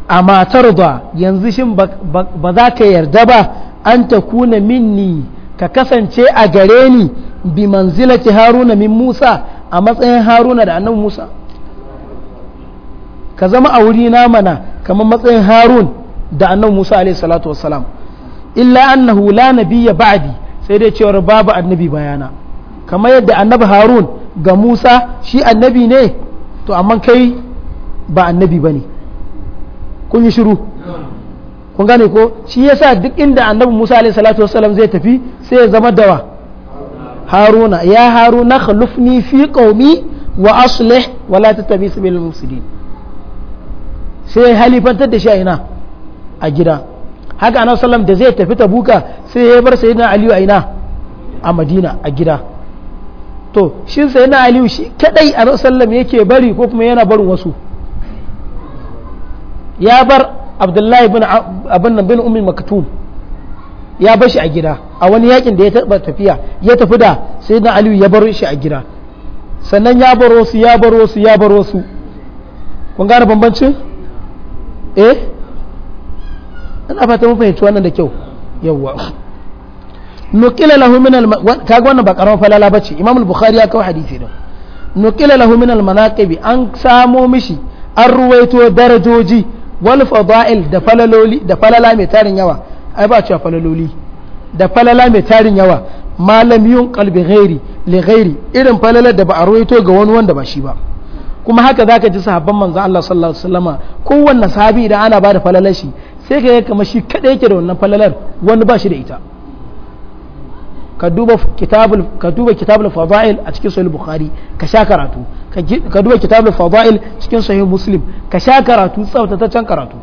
a matar da yanzu shin ba za ka yarda ba an ta kuna minni ka kasance a gare ni bi manzilaki haruna min musa a matsayin haruna da annabi musa ka zama a wuri na mana kamar matsayin harun da annabi musa alaihi salatu wassalam illa annahu la nabiyya ba'di sai dai cewar babu annabi bayana kamar yadda annabi harun ga musa shi annabi ne to amma kai ba annabi bane kun yi shiru kun gane ko shi yasa duk inda annabi Musa alaihi salatu wassalam zai tafi sai ya zama dawa haruna ya haruna khalufni fi qaumi wa aslih wa la tattabi sabilal mufsidin sai halifantar da shi a ina a gida haka annabi sallam da zai tafi tabuka sai ya bar sayyidina aliyu a ina a madina a gida to shi sayyidina aliyu shi kadai annabi sallam yake bari ko kuma yana barin wasu ya bar abdullahi bin abin nan bin ummi maktum ya bar shi a gida a wani yakin da ya taba tafiya ya tafi da na aliyu ya baro shi a gida sannan ya baro su ya baro su ya baro su kun gane bambancin eh ina fata mun fahimci wannan da kyau yawwa nukila lahu min al kaga wannan ba karamin falala bace imam al-bukhari ya kawo hadisi din nukila lahu min al-manaqib an samo mishi an ruwaito darajoji wal fada'il da falaloli da falala mai tarin yawa ai ba cewa falaloli da falala mai tarin yawa malam yun qalbi ghairi li ghairi irin falalar da ba a ruwaito ga wani wanda ba shi ba kuma haka zaka ji sahabban manzo Allah sallallahu alaihi wasallama kowanne sahabi idan ana ba da falalar shi sai ka ga kamar shi kada yake da wannan falalar wani ba shi da ita ka duba kitabul ka duba fadail a cikin sahih bukhari ka sha karatu ka duba kitabul fadail cikin sahih muslim ka sha karatu tsaftataccen karatu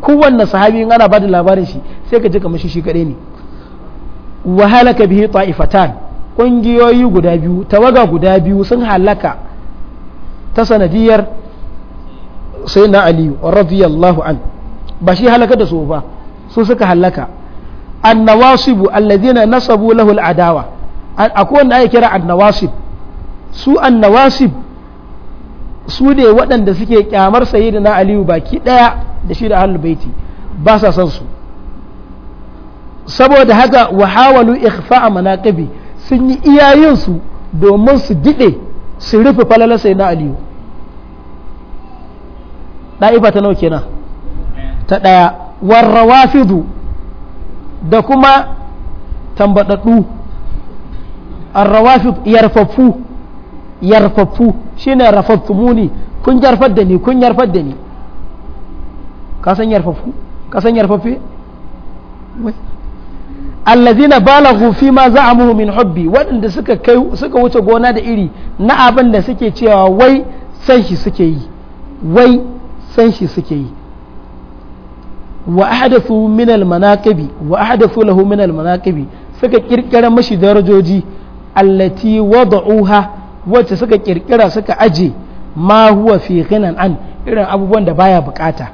kowanne sahabi in ana bada labarin shi sai ka ji kamar shi shi kadai ne wa halaka bihi ta'ifatan kungiyoyi guda biyu tawaga guda biyu sun halaka ta sanadiyar sayyidina ali radiyallahu an ba shi halaka da su ba su suka halaka annawasibu alladhina nasabu adawa a akwai wanda ake kira annawasib su annawasib su ne waɗanda suke kyamar na aliyu baki ɗaya da shi da ahlul baiti ba sa son su saboda haka wahawalu a manaqibi sun yi iyayen su domin su dide su rufe falalar na aliyu ɗa'ifa ta nau kenan ta ɗaya warrawafidu da kuma tambadaddu arrawafid yarfaffu yarfaffu shine rafattumuni kun yarfar da ni kun yarfar da ni ka san yarfaffu ka san yarfaffe allazina balaghu fi ma za'amuhu min hubbi waɗanda suka kai suka wuce gona da iri na abin da suke cewa wai san shi suke yi wai san shi suke yi wa ahdathu min al manaqibi wa ahdathu lahu min al manaqibi suka kirkira mashi darajoji allati wada'uha suka kirkira suka aje ma huwa fi an irin abubuwan da baya bukata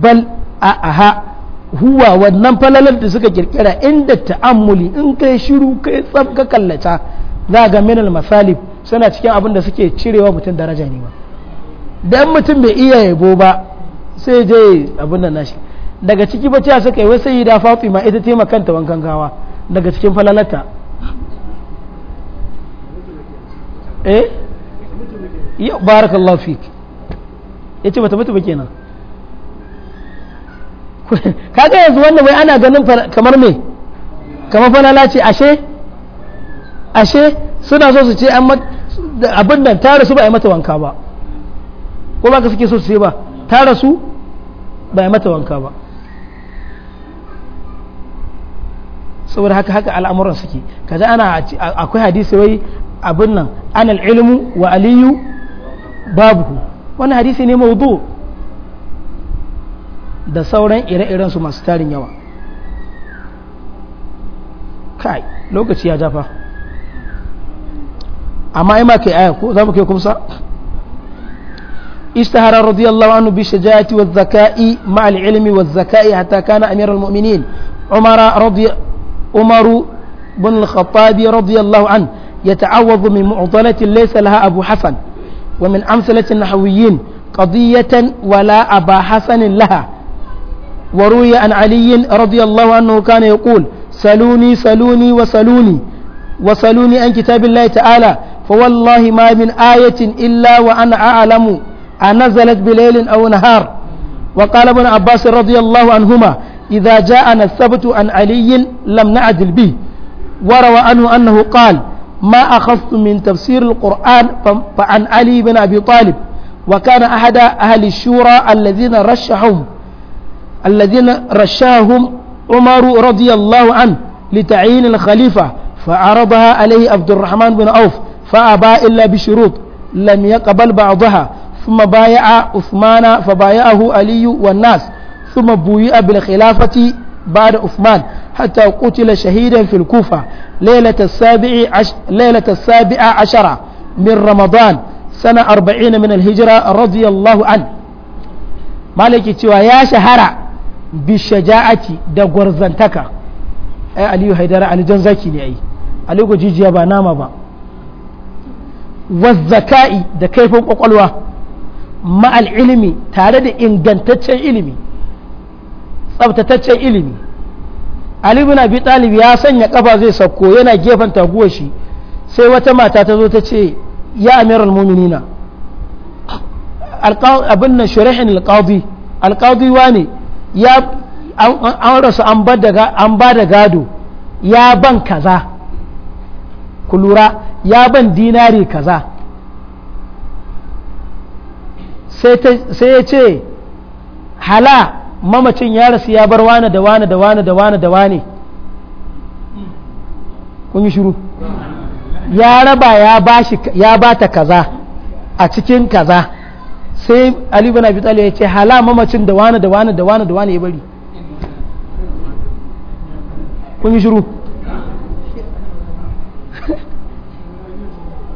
bal a aha huwa wannan falalar da suka kirkira inda ta'ammuli in kai shiru kai tsab ka kallata za ga minal masalib suna cikin abin da suke cirewa mutum daraja ne ba dan mutum bai iya yabo ba sai je abin nashi daga ciki ba ta suka yi wai sai da fatima ita taimakanta wankan gawa daga cikin falalata eh ya barakallahu fik yace bata mutu ba kenan <laughs> kaga yanzu wannan wai ana ganin kamar me kamar falala ce ashe ashe suna so su ce an abin nan ta rasu ba a yi mata wanka ba ko ba ka suke so su ce ba ta rasu ba a yi mata wanka ba saboda haka haka al'amuran suke kaji ana akwai hadisi wai abin nan ana ilmu wa aliyu babu wani hadisi ne maudu da sauran ire-iren su masu tarin yawa kai lokaci ya jafa amma yi maka aya ko za mu kai kumsa استهر رضي الله عنه بالشجاعة والذكاء مع العلم والذكاء حتى كان أمير المؤمنين عمر رضي عمر بن الخطاب رضي الله عنه يتعوض من معضلة ليس لها أبو حسن ومن أمثلة النحويين قضية ولا أبا حسن لها وروي عن علي رضي الله عنه كان يقول سلوني سلوني وسلوني وسلوني عن كتاب الله تعالى فوالله ما من آية إلا وأنا أعلم أنزلت بليل أو نهار وقال ابن عباس رضي الله عنهما إذا جاءنا الثبت عن علي لم نعدل به وروى عنه أنه قال ما أخذت من تفسير القرآن فعن علي بن أبي طالب وكان أحد أهل الشورى الذين رشحهم الذين رشاهم عمر رضي الله عنه لتعيين الخليفة فعرضها عليه عبد الرحمن بن عوف فأبى إلا بشروط لم يقبل بعضها ثم بايع عثمان فبايعه علي والناس ثم بويئ بالخلافة بعد عثمان حتى قتل شهيدا في الكوفة ليلة السابع عشر, ليلة السابع عشر من رمضان سنة أربعين من الهجرة رضي الله عنه مالك تيوا يا شهرة بالشجاعة دا غرزنتك أي علي هيدر علي جنزاكي لأي علي جيجي با ناما با والذكاء دا كيف قلوة مع العلم تارد إنغنتتش علمي tsabtataccen ilimi ali bin abi talib ya sanya kafa zai sauko yana gefen taguwar shi sai wata mata ta zo ta ce ya amiral muminina abin na shurihin alƙadi alƙadi wa ne ya an rasu an ba da gado ya ban kaza ku ya ban dinari kaza sai ya ce hala mamacin ya rasu ya bar wane da wane da wane da wane da wane kun yi shiru ya raba ya ba ta kaza a cikin kaza sai alibu na fitali ya ce hala mamacin da wane da wane da wane da wane ya bari kun yi shiru <laughs>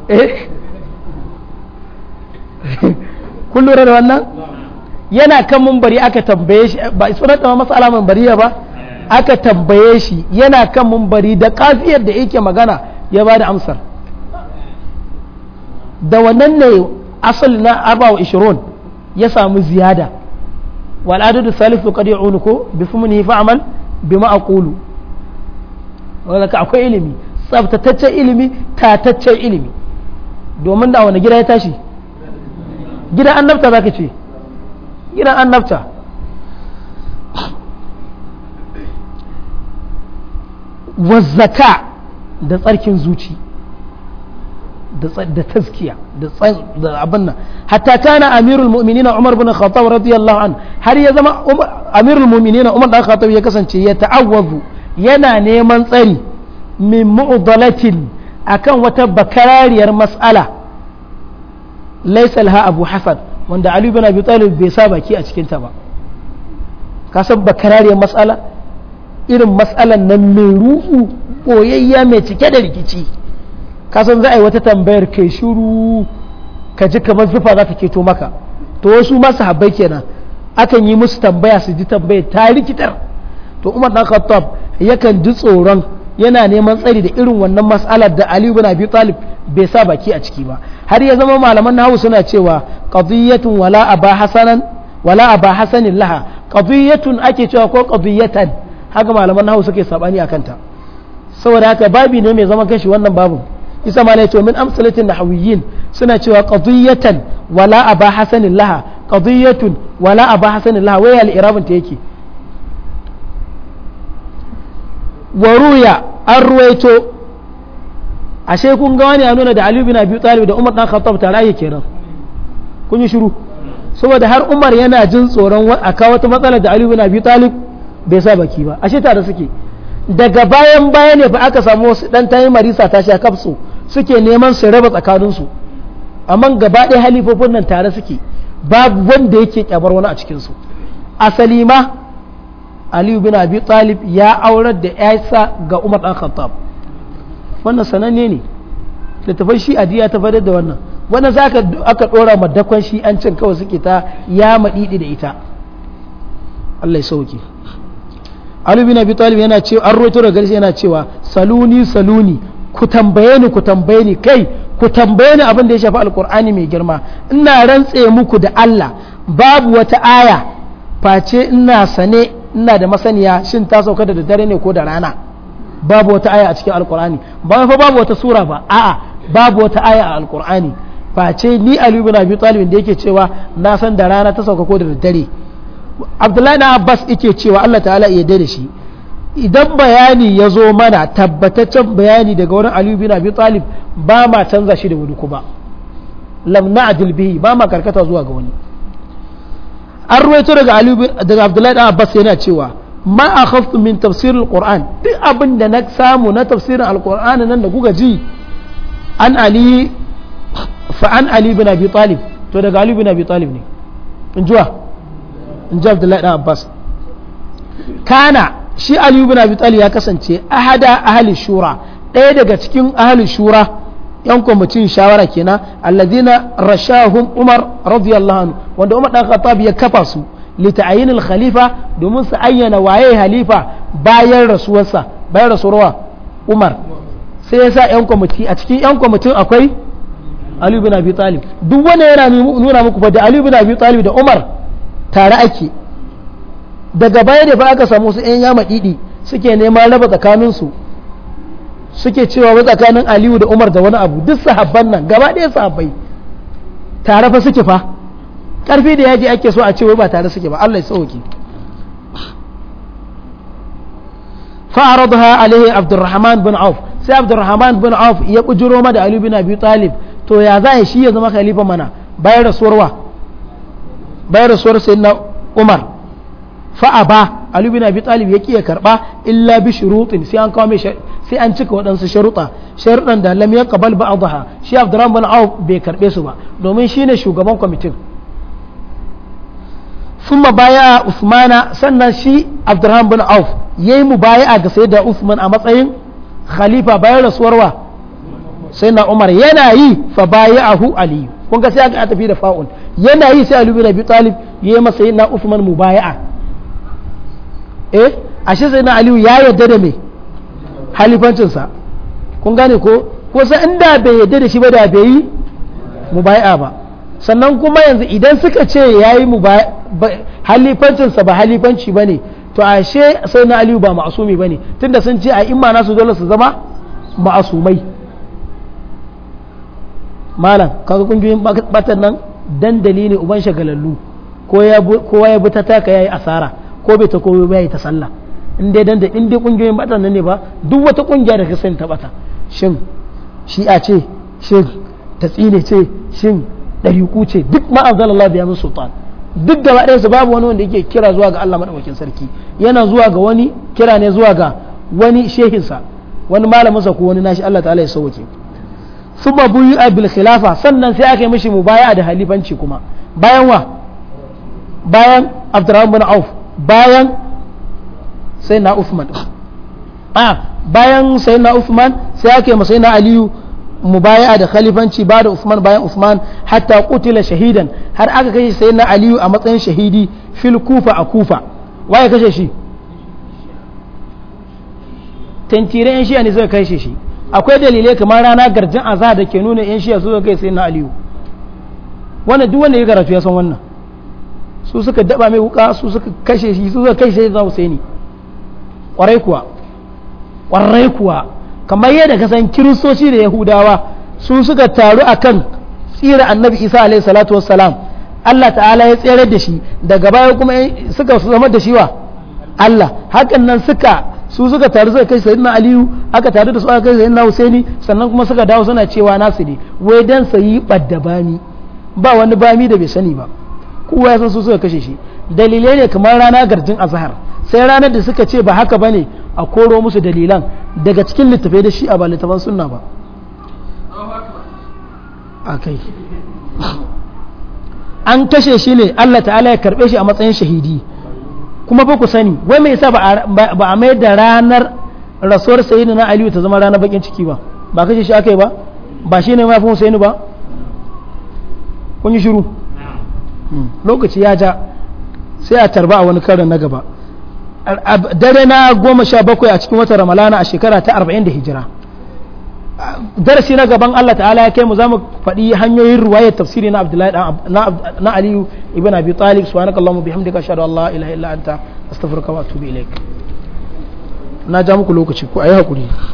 eh <laughs> kun lura da wannan yana kan mumbari aka tambaye shi ba sunan ta masu alaman bariya ba aka tambaye shi yana kan mumbari da kafiyar da yake magana ya ba da amsar da wannan ne asal na arba wa ishirun ya samu ziyada wal adadu salisu qad ya'unu ko bi fumni amal bima aqulu wanda akwai ilimi tsaftataccen ilimi tataccen ilimi domin da wani gida ya tashi gida annabta zaka ce gidan annabta wazzaka da tsarkin zuci da taskiya da abin nan hatta kana amirul mu'minina umar bin khattab radiyallahu an har ya zama amirul mu'minina umar khattab ya kasance ya ta'awwazu yana neman tsari min mu'dalatin akan wata bakarariyar mas'ala laysa laha abu hasan wanda Ali bin Abi Talib bai sa baki a cikin ta ba ka san matsala mas'ala irin mas'alan nan mai ruhu boyayya mai cike da rikici ka san za a yi wata tambayar kai shiru ka ji kamar zufa za ta keto maka to wasu masu habbai kenan akan yi musu tambaya su ji tambayar ta rikitar to Umar dan Khattab yakan ji tsoron yana neman tsari da irin wannan mas'alar da Ali bin Abi Talib bai sa baki a ciki ba har ya zama malaman nahawu suna cewa qadiyatun wala aba hasanan wala aba hasanin laha qadiyatun ake cewa ko qadiyatan haka malaman nahawu suke sabani akan ta saboda haka babi ne mai zaman kanshi wannan babu isa ma ne to min amsalatin nahawiyyin suna cewa qadiyatan wala aba hasanin laha qadiyatun wala aba hasanin laha waya al-irabin ta yake waruya an ruwaito ashe kun ga wani ya nuna da aliyu bin Abi Talib da Umar dan Khattab tare yake kenan kun yi shiru saboda har umar yana jin tsoron a kawo wata matsalar da aliyu na biyu talib bai sa baki ba ashe tare suke daga bayan bayan ne fa aka samu wasu dan tayi marisa ta sha kafsu suke neman su raba su amma gaba ɗaya halifofin nan tare suke babu wanda yake kyabar wani a cikinsu asali ma aliyu bin abi talib ya aurar da yasa ga umar dan khattab wannan sananne ne shi adiya ta fadar da wannan Wannan za ka aka ɗora ma dakon shi an cin kawai suke ta ya maɗiɗi da ita Allah ya sauke Ali bin Abi Talib yana cewa an roto da garshi yana cewa saluni saluni ku tambaye ni ku tambaye ni kai ku tambaye ni abin da ya shafi alkur'ani mai girma ina rantse muku da Allah babu wata aya face ina sane ina da masaniya shin ta sauka da dare ne ko da rana babu wata aya a cikin alkur'ani ba fa babu wata sura ba a'a babu wata aya a alkur'ani face ni Ali ibn Abi Talib da yake cewa na san da rana ta sauka ko da daddare Abdullahi na Abbas yake cewa Allah ta'ala ya da shi idan bayani ya zo mana tabbataccen bayani daga wurin Ali ibn Abi Talib ba ma canza shi da wani kuma lam na'dil bihi ba ma karkata zuwa ga wani an ruwaito daga Ali daga Abdullahi da Abbas yana cewa ma akhaftu min tafsir alquran duk abin da na samu na tafsirin alquran nan da kuka ji an Ali fa'an alibi na bin talib to daga alibi na abi talib ne in jiwa in ji abdullahi dan abbas kana shi alibi na abi talib ya kasance ahada ahli shura ɗaya daga cikin ahli shura yan kwamitin shawara kenan alladina rashahum umar radiyallahu anhu wanda umar dan khattab ya kafa su lita'ayin al-khalifa domin su ayyana waye halifa bayan rasuwarsa bayan rasuwarwa umar sai ya sa yan kwamiti a cikin yan kwamitin akwai Ali bin Abi Talib duk wanda yana nuna muku fa da Ali bin Abi Talib da Umar tare ake daga baya da fa aka samu su ƴan yama didi suke neman raba tsakanin su suke cewa wa tsakanin Aliyu da Umar da wani abu duk sahabban nan gaba ɗaya sahabbai tare fa suke fa karfi da yaji ake so a ce ba tare suke ba Allah ya sauke fa'aradha alaihi Abdurrahman bin Auf sai Abdurrahman bin Auf ya bujiro ma da Ali bin Abi Talib to ya za shi ya zama khalifa mana bayan rasuwar da bayan rasuwar na umar fa'a ba ali na bi talib ya ya karba illa bi shurutin sai an kawo sai an cika waɗansu sharuɗa sharuɗan da lam yaqbal ba'daha shi abdurrahman bin auf bai karbe su ba domin shine shugaban kwamitin thumma baya usmana sannan shi abdurrahman bin auf yayi mubaya'a ga sayyida usman a matsayin khalifa bayan da suwarwa. sai na umar yana yi fa baya hu aliyu kun ga sai aka tafi da fa'un yana yi sai aliyu bin abi talib ya yi masa na usman a eh ashe sai na aliyu ya yarda da me halifancinsa kun gane ko ko sai inda bai yarda da shi ba da bai yi mu mubaya'a ba sannan kuma yanzu idan suka ce ya yi mu halifancinsa ba halifanci ba ne to ashe sai na aliyu ba ma'asumi ba ne tunda sun ce a imma nasu dole su zama ma'asumai malam kaga kungiyoyin batan nan dandali ne uban shagalallu kowa ya bi ta taka yayi asara ko bai ta koyo bai ta sallah in dai dan in dai kungiyoyin batan nan ne ba duk wata kungiya da ka sani ta bata shin shi'a ce shin tatsine ce shin ku ce duk ma anzalallahu biya min sultan duk gaba ɗaya su babu wani wanda yake kira zuwa ga Allah madaukakin sarki yana zuwa ga wani kira ne zuwa ga wani shehinsa wani malaminsa ko wani nashi Allah ta'ala ya sauke suma buyu a bil sannan sai aka yi mishi mubaya'a da halifanci kuma bayan wa bayan abdurrahman bin auf bayan sai na usman a ah, bayan sai na usman sai aka yi sai na aliyu mu mubaya'a da khalifanci ba da usman bayan usman hatta kutila shahidan har aka kashe sai na aliyu a matsayin shahidi fil kufa a kufa waye kashe shi tantire yan shi'a ne suka kashe shi akwai dalilai kamar rana garjin azhar da ke nuna yan shiya su kai sai na aliyu wanda duk wanda ya karatu ya san wannan su suka daba mai wuka su suka kashe shi su suka kashe shi za Husaini kwarai kuwa kwarai kuwa kamar yadda ka san kiristoci da yahudawa su suka taru akan tsira annabi isa alaihi salatu wassalam Allah ta'ala ya tsere da shi daga baya kuma suka zama da shi wa Allah hakan nan suka su suka taru suka kai sayyidina aliyu aka taru da su aka kai sayyidina husaini sannan kuma suka dawo suna cewa nasu ne wai dan sayi badda bami ba wani bami da bai sani ba kowa ya san su suka kashe shi dalilai ne kamar rana garjin azhar sai ranar da suka ce ba haka bane a koro musu dalilan daga cikin littafai da shi a ba littafan sunna ba akai an kashe shi ne Allah ta'ala ya karbe shi a matsayin shahidi kuma ba ku sani wai mai yasa ba a mai da ranar rasuwar na aliyu ta zama ranar bakin ciki ba ba kashe shi aka yi ba ba shi ne ma fi husaini ba kun yi shiru hmm, lokaci ya ja sai a tarba a wani karin na gaba dare na goma sha bakwai a cikin wata ramalana a shekara ta arba'in da hijira darasi na gaban Allah ta'ala ya kai mu zamu faɗi hanyoyin ruwayar tafsiri na Abdullahi na Aliyu ibn Abi Talib subhanakallahumma bihamdika ashhadu an la ilaha illa anta astaghfiruka wa atubu ilaik na ja muku lokaci ku ayi hakuri